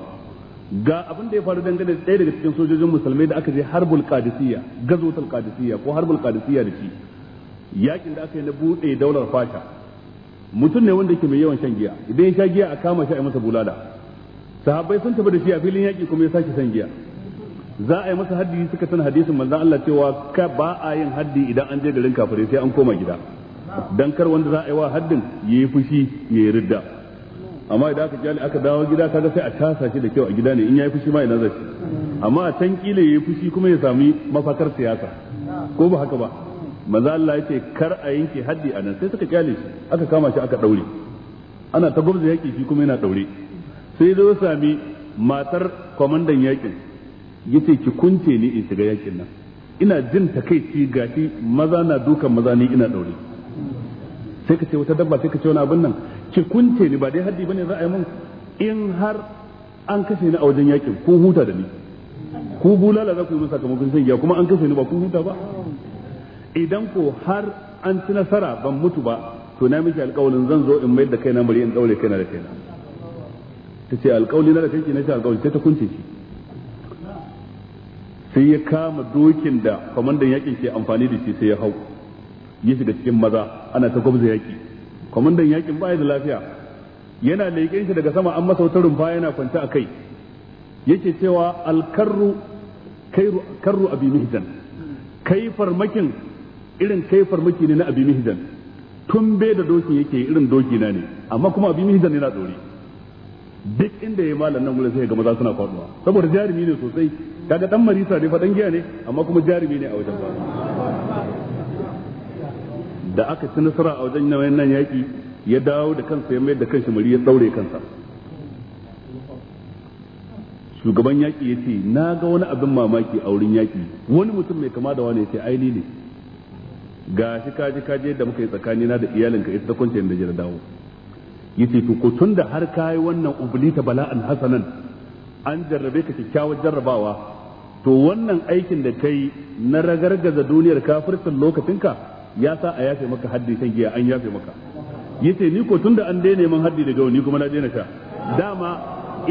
ga abin da ya faru dangane da ɗaya daga cikin sojojin musulmai da aka je harbul qadisiyya gazotul qadisiyya ko harbul qadisiyya da shi yakin da aka yi na buɗe daular fata mutum ne wanda yake mai yawan shan giya idan ya sha giya a kama shi a masa bulala sahabbai sun tafi da shi a filin yaƙi kuma ya sake shan giya za a yi masa haddi suka san hadisin manzon Allah cewa ka ba a yin haddi idan an je garin kafirai sai an koma gida dan kar wanda za a yi wa haddin ya yi fushi ya yi ridda amma idan aka kyale aka dawo gida kaga sai a tasa shi da kyau a gida ne in yayi fushi ma ina zai amma a can kila yayi fushi kuma ya sami mafakar siyasa ko ba haka ba manzo Allah yace kar a yanke haddi a nan sai suka kyale shi aka kama shi aka ɗaure. ana ta gwamza yaki shi kuma yana daure sai zo sami matar kwamandan yakin yace ki kunce ni in shiga yakin nan ina jin takeici gashi maza na dukan maza ni ina daure sai ka ce wata dabba sai ka ce wani abin nan ki kunce ni ba dai haddi bane za a yi mun in har an kashe ni a wajen yakin kun huta da ni ku bulala za ku yi mun sakamakon shan giya kuma an kashe ni ba kun huta ba idan ko har an ci nasara ban mutu ba to na miki alƙawarin zan zo in mayar da kaina bari in daure kaina da kaina ta ce alƙawari na da kanki na ce alƙawari sai ta kunce shi sai ya kama dokin da kwamandan yakin ke amfani da shi sai ya hau ya shiga cikin maza ana ta gwabza yaki kwamandan yakin ba da lafiya yana leƙen shi daga sama an masa wata rumfa yana kwance a kai yake cewa alkarru karru abi mihjan kai farmakin irin kai farmaki ne na abi mihjan tun bai da dokin yake irin doki na ne amma kuma abi mihidan yana dore duk inda ya malam nan gurin sai ga maza suna kwaduwa saboda jarumi ne sosai kaga dan marisa ne fa dan giya ne amma kuma jarumi ne a wajen ba da aka ci nasara a wajen nan yaki ya dawo da kansa ya mayar da kansa mari ya daure kansa shugaban yaki ya ce na ga wani abin mamaki a wurin yaki wani mutum mai kama da wani ya ce aini ne ga shi kaji kaji yadda muka yi tsakani na da iyalinka ita ta kwance da jira dawo yace to ko tunda har kai wannan ubulita bala'an hasanan an jarrabe ka kyakkyawar jarrabawa to wannan aikin da kai na ragargaza duniyar kafircin lokacinka ya sa a yafe maka haddi shan giya an yafe maka yace ni ko tunda an daina neman haddi daga wani kuma na daina sha dama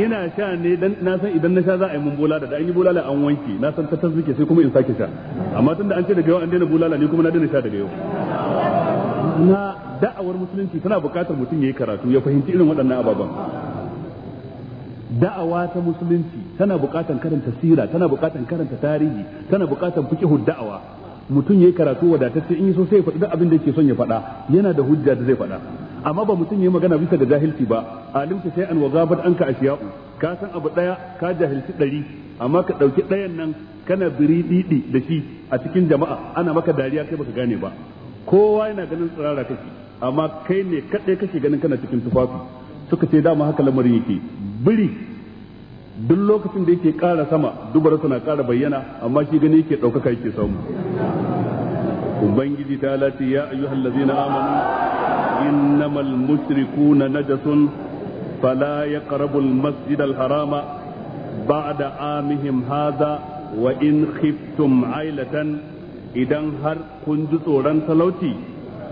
ina sha ne dan na san idan na sha za a yi mun bulala da an yi bulala an wanke na san ta tasbike sai kuma in sake sha amma tunda an ce daga yau an daina bulala ni kuma na daina sha daga yau na da'awar musulunci tana buƙatar mutum ya yi karatu ya fahimci irin waɗannan ababen da'awa ta musulunci tana bukatar karanta sira tana bukatar karanta tarihi tana bukatar fiqhu da'awa mutum ya yi karatu wadatacce in yi so sai ya faɗi duk abin da yake son ya faɗa yana da hujja da zai faɗa amma ba mutum ya yi magana bisa da jahilci ba alimta sai an wa gabat anka ashiya'u ka san abu daya ka jahilci ɗari amma ka ɗauki ɗayan nan kana biri didi da shi a cikin jama'a ana maka dariya kai baka gane ba kowa yana ganin tsirara kake amma kai ne kaɗai kake ganin kana cikin tufafi suka ce dama haka lamarin yake biri duk lokacin da yake ƙara sama dubara suna ƙara bayyana amma shi gani yake ɗaukaka yake samu ubangiji ta lati ya hallazi na amanu innamal na najasun fala ƙarabul masjidal harama ba'da amihim hadha wa in khiftum ailatan idan har kun ji tsoron talauci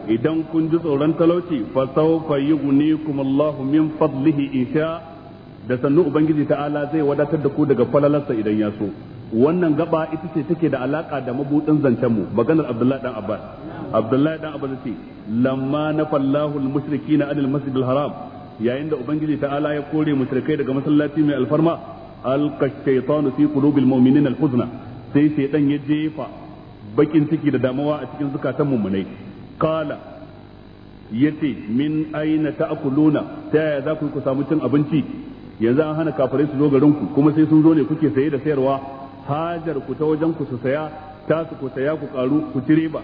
idan kun ji tsoron talauci fa sawfa yughnikum Allahu min fadlihi insha da sannu ubangiji ta'ala zai wadatar da ku daga falalarsa idan ya so wannan gaba ita ce take da alaka da mabudin zancen mu maganar Abdullahi dan Abbas Abdullahi dan Abbas ce lamma nafallahu al-mushrikina anil masjid haram yayin da ubangiji ta'ala ya kore mushrikai daga masallaci mai alfarma alqa shaytanu fi qulubil mu'minina al sai shaytan ya jefa bakin ciki da damuwa a cikin zukatan mummunai qala yace min aina ta'kuluna ta yaya za ku ku samu cin abinci yanzu an hana kafirai su zo garin ku kuma sai sun zo ne kuke saye da sayarwa hajar ku ta wajen ku su saya ta su ku saya ku karu ku ci riba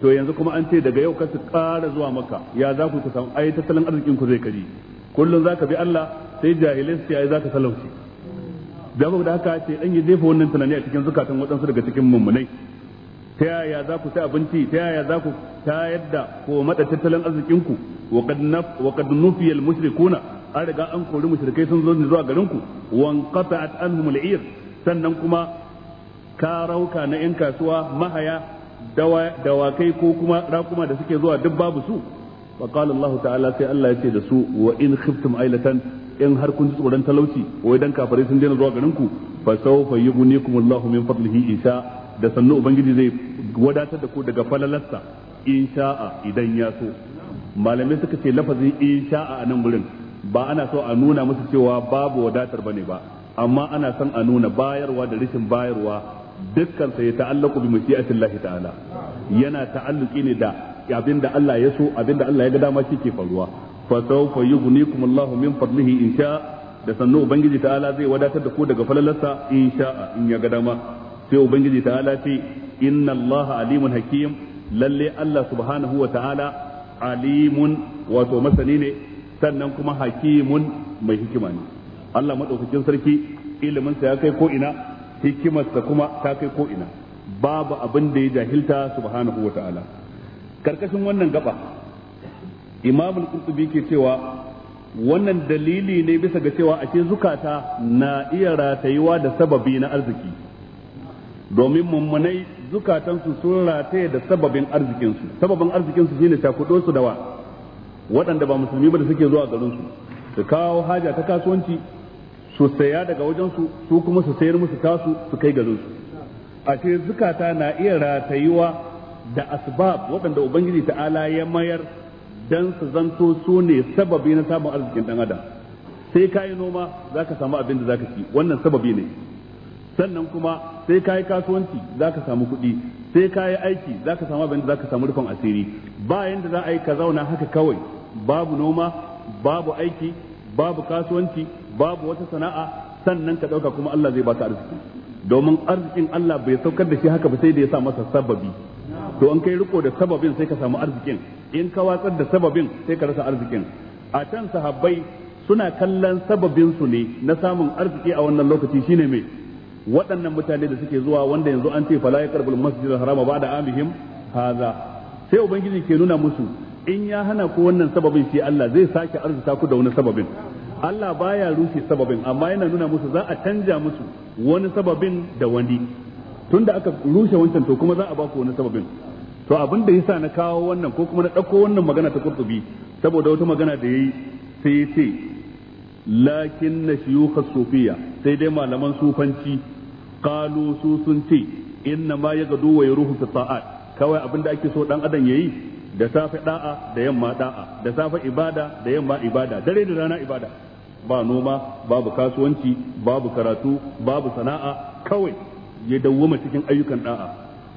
to yanzu kuma an ce daga yau ka su ƙara zuwa maka ya za ku ku samu ai tattalin arzikin ku zai kari kullum za ka bi Allah sai jahilai su ai za ka salauci da haka ce dan ya jefa wannan tunani a cikin zukatan waɗansu daga cikin mummunai ta yaya za ku ci abinci ta yaya za ku tayar da ko mada tattalin arzikin ku wa qad nufiya al mushrikuna an riga an kori mushrikai sun zo zuwa garin ku wan qata'at anhum al sannan kuma karauka na yan kasuwa mahaya dawakai ko kuma rakuma da suke zuwa duk babu su wa qala Allah ta'ala sai Allah ya ce da su wa in khiftum ailatan in har kun ji tsoron talauci wa idan kafare sun daina zuwa garin ku fa sawfa yughnikum min fadlihi isa da sannu ubangiji zai wadatar da ku daga falalarsa in sha'a idan ya so malamai suka ce lafazin in sha'a a nan wurin ba ana so a nuna musu cewa babu wadatar bane ba amma ana son a nuna bayarwa da rishin bayarwa dukkan sa ya ta'allaku bi mashi'atillahi ta'ala yana ta'alluki ne da abinda Allah ya so abinda Allah ya ga dama shi ke faruwa fa sawfa yughnikum Allahu min fadlihi in sha'a da sannu ubangiji ta'ala zai wadatar da ku daga falalarsa in sha'a in ya ga dama sai ubangiji ta'ala ce inna allaha alimun hakim lalle allah subhanahu wa ta'ala alimun wato masani ne sannan kuma hakimun mai hikima ne allah madaukakin sarki iliminsa ya kai ko ina hikimarsa kuma ta kai ko ina babu abin da ya jahilta subhanahu wa ta'ala karkashin wannan gaba imam al-qurtubi ke cewa wannan dalili ne bisa ga cewa ashe zukata na iya ratayuwa da sababi na arziki domin mummunai zukatansu sun rataye da sababin arzikinsu sababin arzikinsu shine takudo su da wa waɗanda ba musulmi ba da suke zuwa garinsu su kawo haja ta kasuwanci su saya daga wajensu su kuma su sayar musu tasu su kai garinsu a ce zukata na iya ratayuwa da asbab waɗanda ubangiji ta'ala ya mayar dan su zanto su ne sababi na samun arzikin dan adam sai ka noma za ka samu abin da za ka ci wannan sababi ne sannan kuma sai ka yi kasuwanci za ka samu kuɗi sai kayi aiki za ka samu abin da za ka samu rufin asiri ba yadda za a yi ka zauna haka kawai babu noma babu aiki babu kasuwanci babu wata sana'a sannan ka ɗauka kuma Allah zai baka arziki domin arzikin Allah bai saukar da shi haka ba sai da ya sa masa sababi to an kai riko da sababin sai ka samu arzikin in ka watsar da sababin sai ka rasa arzikin a can sahabbai suna kallon sababin su ne na samun arziki a wannan lokaci shine mai waɗannan mutane da suke zuwa wanda yanzu an ce fala ya karbul masjidil harama ba da amihim haza sai ubangiji ke nuna musu in ya hana ku wannan sababin shi Allah zai sake arzuta ku da wani sababin Allah baya rushe sababin amma yana nuna musu za a canja musu wani sababin da wani tunda aka rushe wancan to kuma za a ba wani sababin to abin da yasa na kawo wannan ko kuma na ɗauko wannan magana ta kurtubi saboda wata magana da yayi sai sai. lakin na shiyuka sufiya sai dai malaman sufanci kalu su sun ce inna ma ya gado wa ruhu fi sa'ad kawai abin da ake so dan adam yayi da safe da'a da yamma da'a da safe ibada da yamma ibada dare da rana ibada ba noma babu kasuwanci babu karatu babu sana'a kawai ya dawwama cikin ayyukan da'a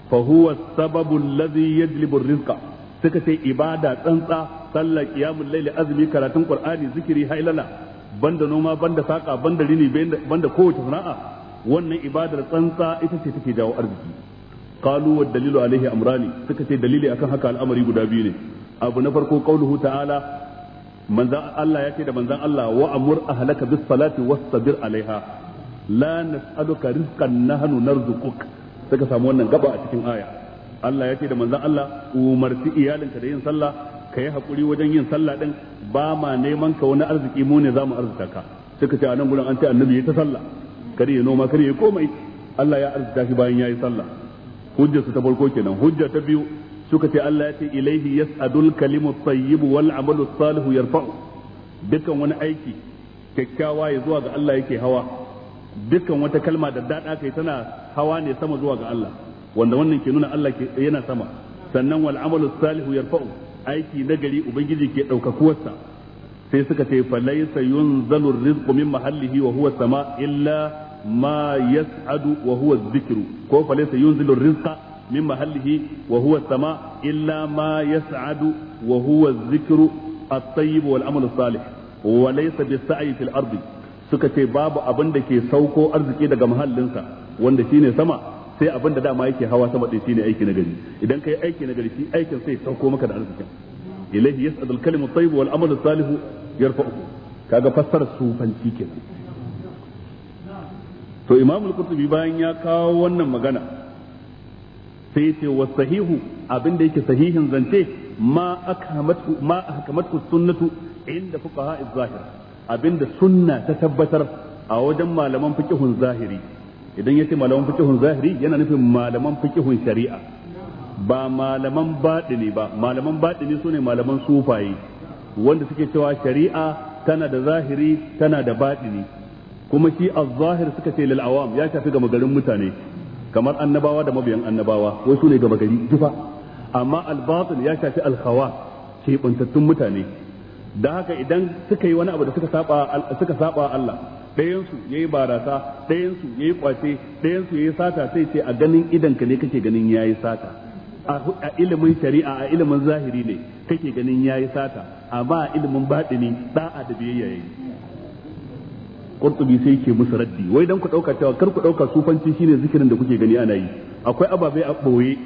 fa huwa sababu allazi yajlibu rizqa suka ce ibada tsantsa sallah qiyamul layli azumi karatun qur'ani zikiri hailala banda noma banda saka banda rini banda kowace sana'a wannan ibadar tsantsa ita ce take jawo arziki qalu wa dalilu alaihi amrani suka ce dalili akan haka al'amari guda biyu ne abu na farko qauluhu ta'ala manzan Allah ya ce da manzan Allah wa amur ahlaka bis salati wastabir alaiha la nas'aluka rizqan nahnu narzuquk suka samu wannan gaba a cikin aya Allah ya ce da manzan Allah umarci iyalinka da yin sallah ka yi haƙuri wajen yin sallah ɗin ba ma neman ka wani arziki mu ne za mu arzika ka suka ce a nan gudan an ce annabi ya ta sallah kare ya noma kare ya komai Allah ya arzuta shi bayan ya yi sallah hujjar su ta farko kenan hujja ta biyu suka ce Allah ya ce ilaihi yas'adul kalimu tayyibu wal amalu salihu yarfa'u dukkan wani aiki kyakkyawa ya zuwa ga Allah yake hawa dukkan wata kalma da daɗa kai tana hawa ne sama zuwa ga Allah wanda wannan ke nuna Allah yana sama sannan wal amalu salihu yarfa'u aiki nagari ubangiji ke ɗaukakuwarsa sai suka ce falaisa yunzalu rizqu min mahallihi wa huwa sama illa ma yas'adu wa huwa dhikru ko falaisa yunzalu rizqa min mahallihi wa huwa sama illa ma yas'adu wa huwa dhikru at-tayyib wal amalu salih wa laysa bis-sa'i fil ardi suka ce babu abin da ke sauko arziki daga mahallinsa wanda shine sama sai abin da dama yake hawa sama ɗin shine aiki na gari idan kai aiki na gari shi aikin sai sauko maka da arzikin ilaihi yas'adul kalimu tayyib wal amalu salihu yarfa'uhu kaga fassara sufanci kenan to imam al-qurtubi bayan ya kawo wannan magana sai ce wa sahihu abin da yake sahihin zance ma akhamatu ma ahkamatu sunnatu inda fuqaha az-zahir abinda sunna ta tabbatar a wajen malaman fiqhun zahiri idan ya ce malaman fiqhun zahiri yana nufin malaman fiqhun shari'a ba malaman batini ba malaman batini sune malaman sufaye wanda suke cewa shari'a tana da zahiri tana da batini kuma shi a zahir suka ce lil awam ya shafi gama garin mutane kamar annabawa da mabiyan annabawa wai sune gama gari dufa amma al ya shafi al-khawas ke mutane da haka idan suka yi wani abu da suka saba suka saba Allah ɗayansu ya yi barasa ɗayansu ya yi kwace ɗayansu ya yi sata sai ce a ganin idanka ne kake ganin ya yi sata a ilimin shari'a a ilimin zahiri ne kake ganin ya yi sata amma a ilimin baɗini ɗa'a da biyayya ya yi sai ke musu raddi wai dan ku ɗauka cewa kar ku dauka sufanci shine zikirin da kuke gani ana yi akwai ababai a boye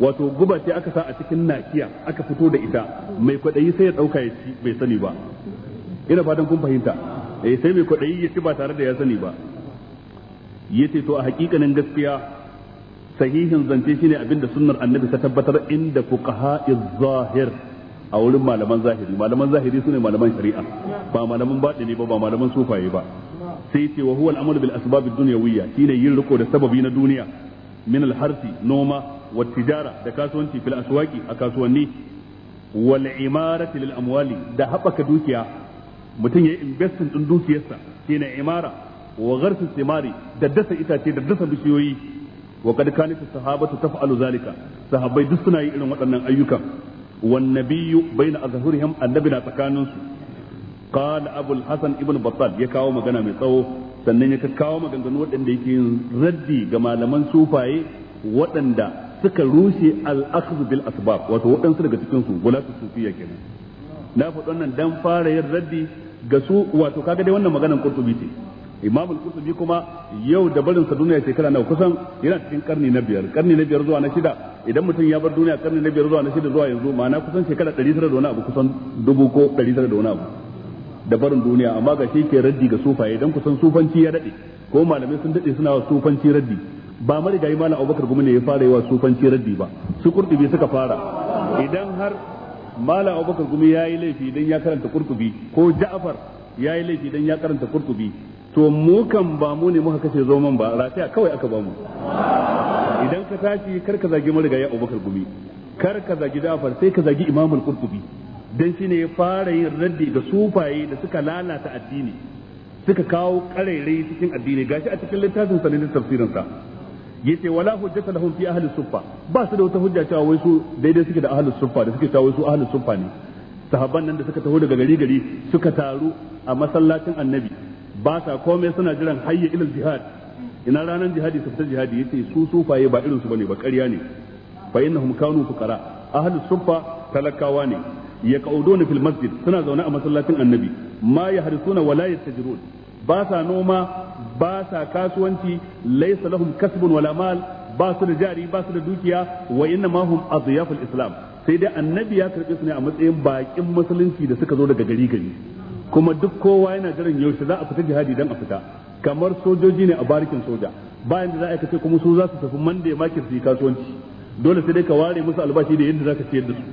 wato guba ce aka sa a cikin nakiya aka fito da ita mai kwaɗayi sai ya ɗauka ya ci bai sani ba ina fatan kun fahimta eh sai mai kwaɗayi ya ci ba tare da ya sani ba yace to a hakikanin gaskiya sahihin zance shine abinda sunnar annabi ta tabbatar inda fuqaha'il zahir a wurin malaman zahiri malaman zahiri sune malaman shari'a ba malaman ne ba ba malaman sufaye ba sai ce wa huwa al-amalu bil asbab ad-dunyawiyya shine yin riko da sababi na duniya min al-harsi noma wa tijara da kasuwanci fil aswaqi a kasuwanni wal imarati lil amwali da haɓaka dukiya mutum ya yi investin din dukiyarsa ne imara wa gharsu simari da dasa itace da dasa bishiyoyi wa kad sahaba ta taf'alu zalika sahabbai duk suna yi irin waɗannan ayyukan wan nabiyyu baina azhurihim annabi na tsakanin su qala abul hasan ibn battal ya kawo magana mai tsawo sannan ya kawo maganganu waɗanda yake yin raddi ga malaman sufaye waɗanda suka rushe al-akhdh bil asbab wato waɗansu daga cikin su gulatu sufiya kenan na faɗi wannan dan fara yin raddi ga su wato kaga dai wannan maganan kurtubi ce imam al-qurtubi kuma yau da barin sa duniya shekara nawa kusan yana cikin karni na biyar karni na biyar zuwa na shida idan mutum ya bar duniya karni na biyar zuwa na shida zuwa yanzu ma'ana kusan shekara 900 da wani abu kusan dubu ko 900 da wani abu da barin duniya amma ga shi ke raddi ga sufaye idan kusan sufanci ya dade ko malamai sun dade suna sufanci raddi ba marigayi malam abubakar gumi ne ya fara yi wa sufanci raddi ba su kurtubi suka fara idan har malam abubakar gumi ya yi laifi dan ya karanta kurkubi ko ja'far ya yi laifi dan ya karanta kurkubi to mu kan ba mu ne muka kashe zoman ba rafiya kawai aka ba mu idan ka tashi kar ka zagi ya abubakar gumi kar ka zagi ja'far sai ka zagi imamul kurkubi dan shine ya fara yin raddi da sufaye da suka lalata addini suka kawo karairai cikin addini gashi a cikin littafin sanin tafsirinsa yace wala hujjata lahum fi ahli suffa ba su da wata hujja cewa wai su daidai suke da ahli suffa da suke cewa su ahli suffa ne sahabban nan da suka taho daga gari gari suka taru a masallacin annabi ba sa komai suna jiran hayya ilal jihad ina ranar jihadi su fita jihadi yace su sufaye ba irin su bane ba ƙarya ne fa innahum kanu fuqara ahli suffa talakawa ne yaquduna fil masjid suna zaune a masallacin annabi ma yahrisuna wala yastajirun ba sa noma ba sa kasuwanci laysa lahum kasbun wala mal ba su da jari ba su da dukiya wa inna ma hum adyaful islam sai dai annabi ya karbe su ne a matsayin bakin musulunci da suka zo daga gari gari kuma duk kowa yana jiran yaushe za a fita jihadi dan a fita kamar sojoji ne a barikin soja bayan da za a kace kuma su za su tafi ya market su kasuwanci dole sai dai ka ware musu albashi da yadda za ka ciyar da su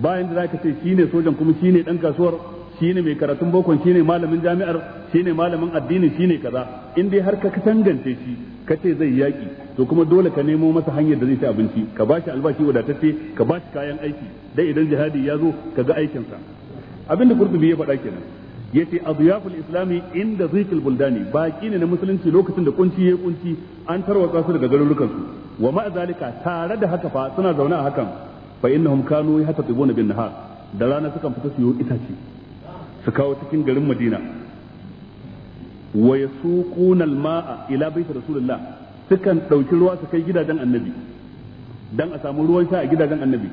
bayan da za ka ce shine sojan kuma shine dan kasuwar Shi ne mai karatun bokon shi ne malamin jami'ar shi ne malamin addini ne kaza in dai har ka tangance shi ka ce zai yaki to kuma dole ka nemo masa hanyar da zai ci abinci ka ba shi albashi wadatacce ka ba shi kayan aiki dai idan jihadi ya zo ka ga aikinsa. Abin da kurtubi ya faɗa kenan ya a adiyaful islami inda zikil buldani baki ne na musulunci lokacin da kunci ya kunci an tarwatsa su daga garurukansu su wa ma tare da haka fa suna zaune a hakan fa innahum kanu yahtatibuna bin nahar da rana sukan fita su yi itace su kawo cikin garin madina wa yasuquna al-ma'a ila baiti rasulullah sukan ɗauki ruwa su kai gidajen annabi dan a samu ruwan sha a gidajen annabi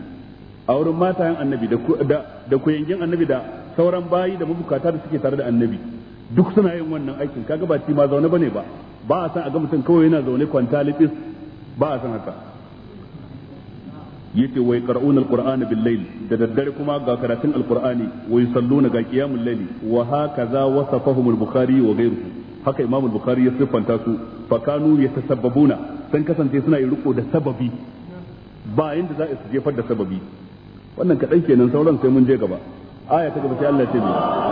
a wurin matayen annabi da da kuyangin annabi da sauran bayi da mabukata da suke tare da annabi duk suna yin wannan aikin kaga ba ci ma zaune bane ba ba a san a ga mutum kawai yana zaune kwanta lifis ba a san haka yace wai qara'una alqur'ana bil layl da daddare kuma ga karatun alqur'ani wai salluna ga qiyamul layli wa hakaza wasafahum al-bukhari wa ghayruhu haka imam al-bukhari ya sifanta su fa kanu yatasabbabuna san kasance suna yin riko da sababi ba inda za su jefar da sababi wannan kadan kenan sauran sai mun je gaba aya ta gaba sai Allah ce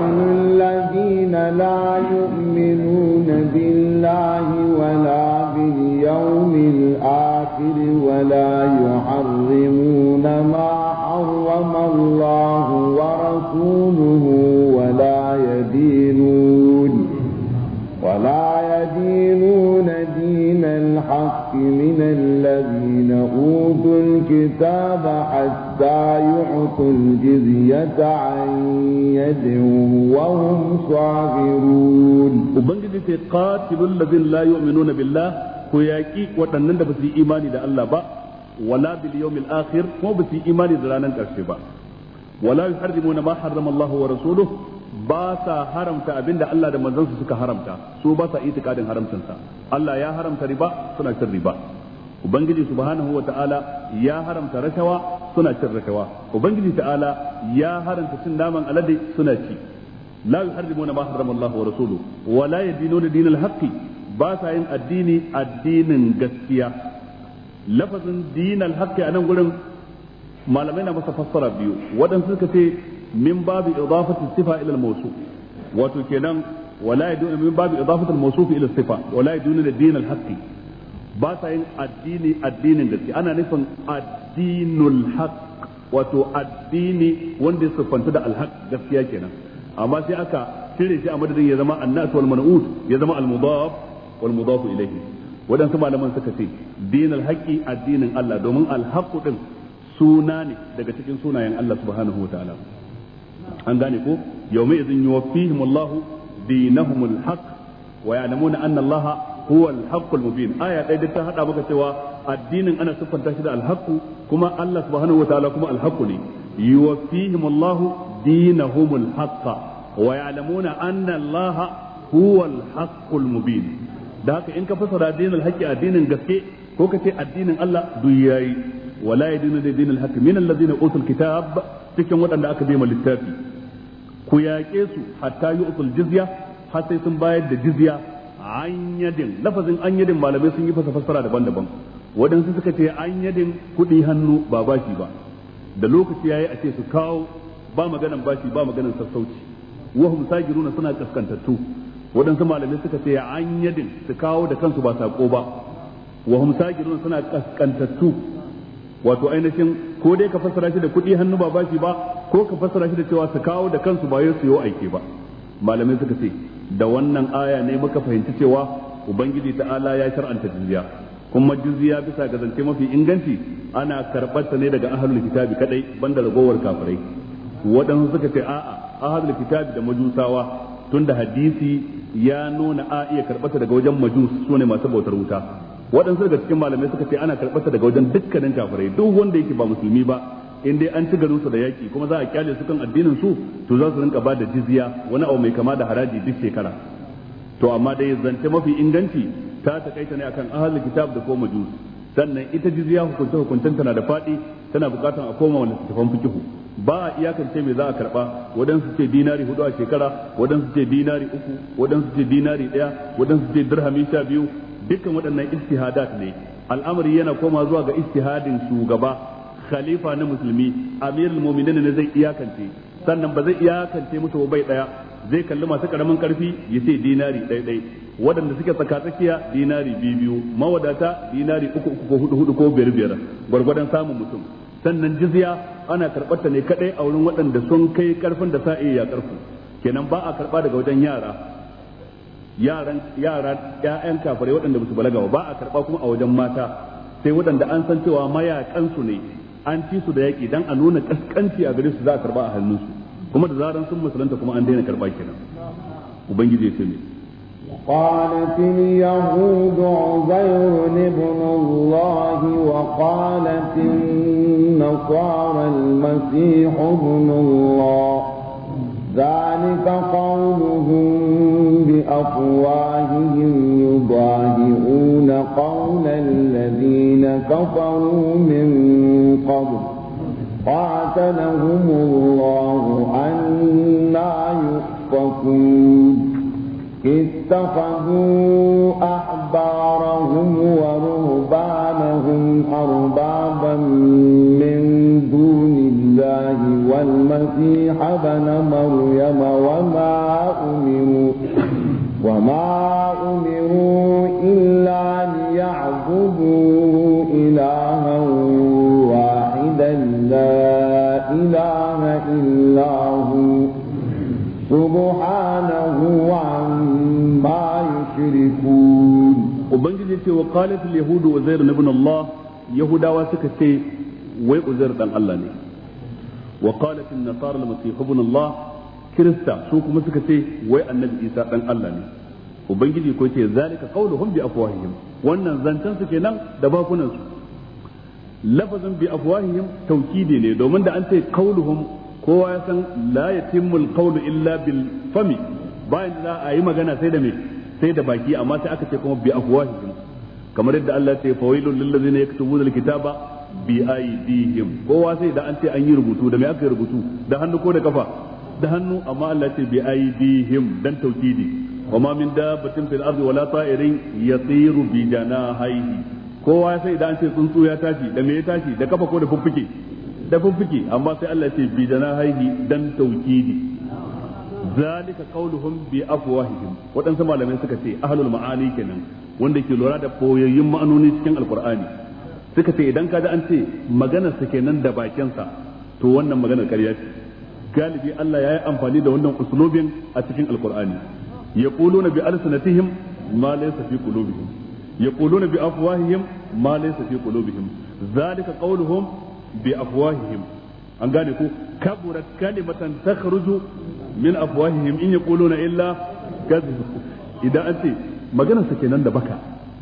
الذين لا يؤمنون بالله ولا باليوم الآخر الباطل ولا يحرمون ما حرم الله ورسوله ولا يدينون ولا يدينون دين الحق من الذين أوتوا الكتاب حتى يعطوا الجزية عن يد وهم صاغرون وبنجد قاتل الذين لا يؤمنون بالله ku yaƙi waɗannan da ba su yi imani da Allah ba wala bil yawmil akhir ko ba su yi imani da ranar ƙarshe ba wala yuharrimuna ma harrama Allah wa rasuluhu ba sa haramta abinda Allah da manzansa suka haramta su ba sa itikadin haramcin sa Allah ya haramta riba suna cin riba ubangiji subhanahu wa ta'ala ya haramta rashawa suna cin rashawa ubangiji ta'ala ya haramta cin naman alade suna ci la yuharrimuna ma harrama Allah wa rasuluhu wala yadinuna dinal haqqi ba sa yin addini addinin gaskiya lafazin dinal haqqi a nan gurin malamai na masa fassara biyu waɗansu suka ce min babu idafati sifa ila al-mawsuf wato kenan wala yaduna min babu idafati al-mawsuf ila sifa wala yaduna dinal haqqi ba sa yin addini addinin gaskiya ana nufin addinul haqq wato addini wanda ya siffanta da alhaq gaskiya kenan amma sai aka cire shi a madadin ya zama annas wal man'ut ya zama al-mudaf wal mudafu wadansu malaman suka ce dinul haqqi addinin Allah domin al ɗin din suna ne daga cikin sunayen Allah subhanahu wataala an gane ko yawma idhin yuwaffihim Allahu dinahum al haqq wa ya'lamuna anna Allah huwa al haqq al mubin aya dai ta hada maka cewa addinin ana siffanta shi da al haqq kuma Allah ne yuwaffihim Allahu dinahum al haqq ويعلمون أن الله هو الحق المبين da haka in ka fasara alhaki a addinin gaske ko ka ce addinin Allah duk yayi wala yadinu da dinin haqqi min allazina utul kitab cikin waɗanda aka bai ma littafi ku yaƙe su hatta yu'tul jizya har sai sun bayar da jizya anyadin lafazin anyadin malamai sun yi fasa fasara daban-daban waɗansu suka ce anyadin kuɗi hannu ba bashi ba da lokaci yayi a ce su kawo ba maganan bashi ba maganan sassauci wahum sajiruna suna kaskantattu waɗansu malamai suka ce an yadin su kawo da kansu ba sako ba wa hum sajidun suna kaskantattu wato ainihin ko dai ka fassara shi da kuɗi hannu ba bashi ba ko ka fassara shi da cewa su kawo da kansu ba yau su yi aiki ba malamai suka ce da wannan aya ne muka fahimci cewa ubangiji ta'ala ya shar'anta jizya kuma jizya bisa ga zance mafi inganci ana karɓar ta ne daga ahlul kitabi kadai banda ragowar kafirai waɗansu suka ce a'a ahlul kitabi da majusawa tun da hadisi ya nuna a iya karbata daga wajen majus su ne masu bautar wuta waɗansu daga cikin malamai suka ce ana karbata daga wajen dukkanin kafirai duk wanda yake ba musulmi ba in dai an ci garinsu da yaƙi kuma za a kyale su kan addinin su to za su rinka ba da jizya wani abu mai kama da haraji duk shekara to amma dai zance mafi inganci ta takaita ne akan ahal kitab da ko majus sannan ita jizya hukunta-hukuntanta na da faɗi tana bukatan a koma wani tafan fikihu ba a iyakance mai za a karba waɗansu ce dinari hudu a shekara waɗansu ce dinari uku waɗansu ce dinari ɗaya waɗansu ce dirhami sha biyu dukkan waɗannan istihadat ne al'amari yana koma zuwa ga istihadin shugaba khalifa na musulmi amirul mu'minin ne zai iyakance sannan ba zai iyakance musu ba bai ɗaya zai kalli masu karamin karfi ya ce dinari ɗaiɗai waɗanda suke tsakatsakiya dinari biyu biyu mawadata dinari uku uku ko hudu hudu ko biyar biyar gwargwadon samun mutum sannan jizya ana karɓar ne kaɗai a wurin waɗanda sun kai ƙarfin da sa iya ƙarfi kenan ba a karɓa daga wajen yara yaran yara ƴaƴan kafare waɗanda ba su balaga ba a karɓa kuma a wajen mata sai waɗanda an san cewa mayakan su ne an ci su da yaƙi dan a nuna kaskanci a gare su za a karɓa a hannun su kuma da zaran sun musulunta kuma an daina karɓa kenan ubangiji ya ce قالت اليهود عزير ابن الله وقالت النصارى المسيح ابن الله ذلك قولهم بأفواههم يضاهئون قول الذين كفروا من قبل قاتلهم الله أنا يؤفكون اتخذوا أحبارهم ورهبانهم أربابا من دون الله والمسيح ابن مريم وما أمروا وما أمروا إلا ليعبدوا إلها واحدا لا إله إلا هو سبحانه yace wa qalat al yahud uzair ibn Allah yahudawa suka ce wai uzair dan Allah ne wa qalat an nasara al masih ibn Allah kirista su kuma suka ce wai annabi Isa dan Allah ne ubangiji ko ce zalika qauluhum bi afwahihim wannan zancen su kenan da bakunan su lafazin bi afwahihim tawkidi ne domin da an ce qauluhum kowa ya san la yatimmu al illa bil fami bayan da a yi magana sai da me sai da baki amma sai aka ce kuma bi afwahihim kamar yadda Allah ce fawailul lil ladzina yaktubuna alkitaba bi aydihim kowa sai da an ce an yi rubutu da me aka yi rubutu da hannu ko da kafa da hannu amma Allah ce bi aydihim dan tawkidi وما من دابة في الأرض ولا طائر يطير بجناحيه kowa sai da an ce tsuntsu ya tashi da me ya tashi da kafa ko da fuffuke da fuffuke amma sai Allah ce bi dana haihi dan taukidi zalika qauluhum bi afwahihim waɗansu malamai suka ce ahlul ma'ani kenan wanda ke lura da boyayyun ma'anoni cikin alqur'ani suka ce idan kaji an ce maganar sa kenan da bakin sa to wannan maganar ƙarya ce galibi Allah ya yi amfani da wannan uslubin a cikin alqur'ani yaquluna bi alsanatihim ma laysa fi qulubihim yaquluna bi afwahihim ma laysa fi qulubihim zalika qauluhum bi afwahihim an gane ko kaburat kalimatan takhruju min afwahihim in yaquluna illa kadhib idan an ce maganar sa kenan da baka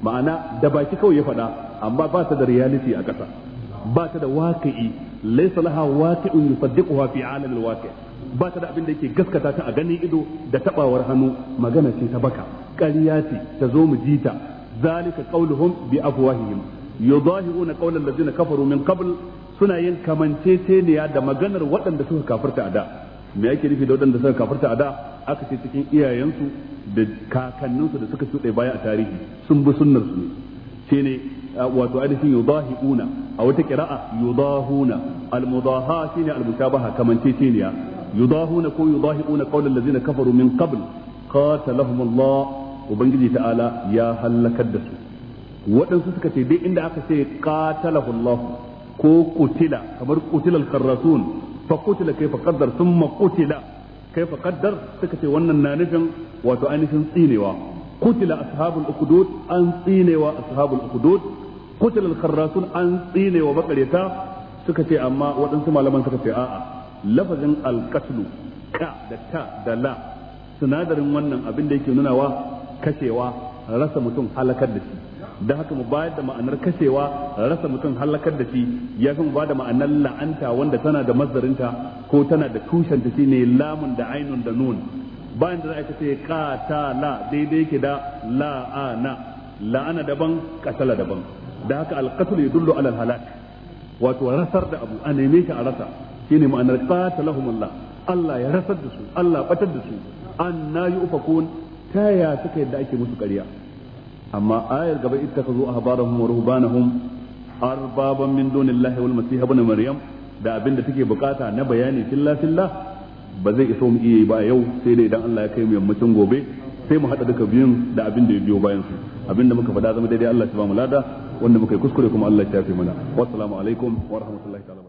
ma'ana da baki kawai ya faɗa amma ba ta da reality a ƙasa ba ta da waqi'i laysa laha waqi'un yusaddiquha fi alam alwaqi' ba ta da abin da yake gaskata ta a ganin ido da tabawar hannu magana ce ta baka ƙarya ce ta zo mu ji ta zalika qauluhum bi afwahihim yudahiruna qawla allazina kafaru min qabl suna yin kamanceceniya da maganar waɗanda suka kafirta a da me yake nufi da waɗanda suka kafarta a da aka ce cikin iyayensu da kakanninsu da suka shuɗe baya a tarihi sun bi sunnar su ne wato ainihin yudahiuna a wata kira'a yudahuna al-mudaha shine al-mushabaha kamanceceniya yudahuna ko yudahiuna qawlan allazina kafaru min qabl qatalahumullah ubangiji ta'ala ya halakar da su waɗansu suka ce dai inda aka ce qatalahu Allah ko kutila kamar kutilal karrasun. fa kutila kayfa qaddar thumma kutila kayfa qaddar suka ce wannan na nufin wato ainihin tsinewa kutila ashabul ukhdud an tsinewa ashabul ukhdud kutila al-kharrasun an tsinewa bakareta suka ce amma waɗansu malaman suka ce a'a lafazin al-qatlu ka da ta da la sinadarin wannan abin da yake nunawa kashewa rasa mutum halakar da shi da haka mu bayar da ma'anar kashewa rasa mutum halakar da shi ya fi mu ba da ma'anar la'anta wanda tana da mazarinta ko tana da tushenta shine lamun da ainun da nun bayan da za a ce qatala daidai yake da la'ana la'ana daban qatala daban da haka al-qatl yadullu ala wato rasar da abu a neme shi a rasa shine ma'anar qatalahumullah Allah ya rasar da su Allah batar da su yi yufakun ta ya suka yadda ake musu ƙarya amma ayar gaba ita a ahbarahum wa ruhbanahum arbaban min dunillahi wal masih ibn maryam da abin da take bukata na bayani filla filla ba zai iso mu iya yi ba yau sai dai idan Allah ya kai mu yammacin gobe sai mu hada duka biyun da abin da ya biyo bayan su abin da muka faɗa zama daidai Allah ya ba mu lada wanda muka yi kuskure kuma Allah ya tafi mana wassalamu alaikum wa rahmatullahi ta'ala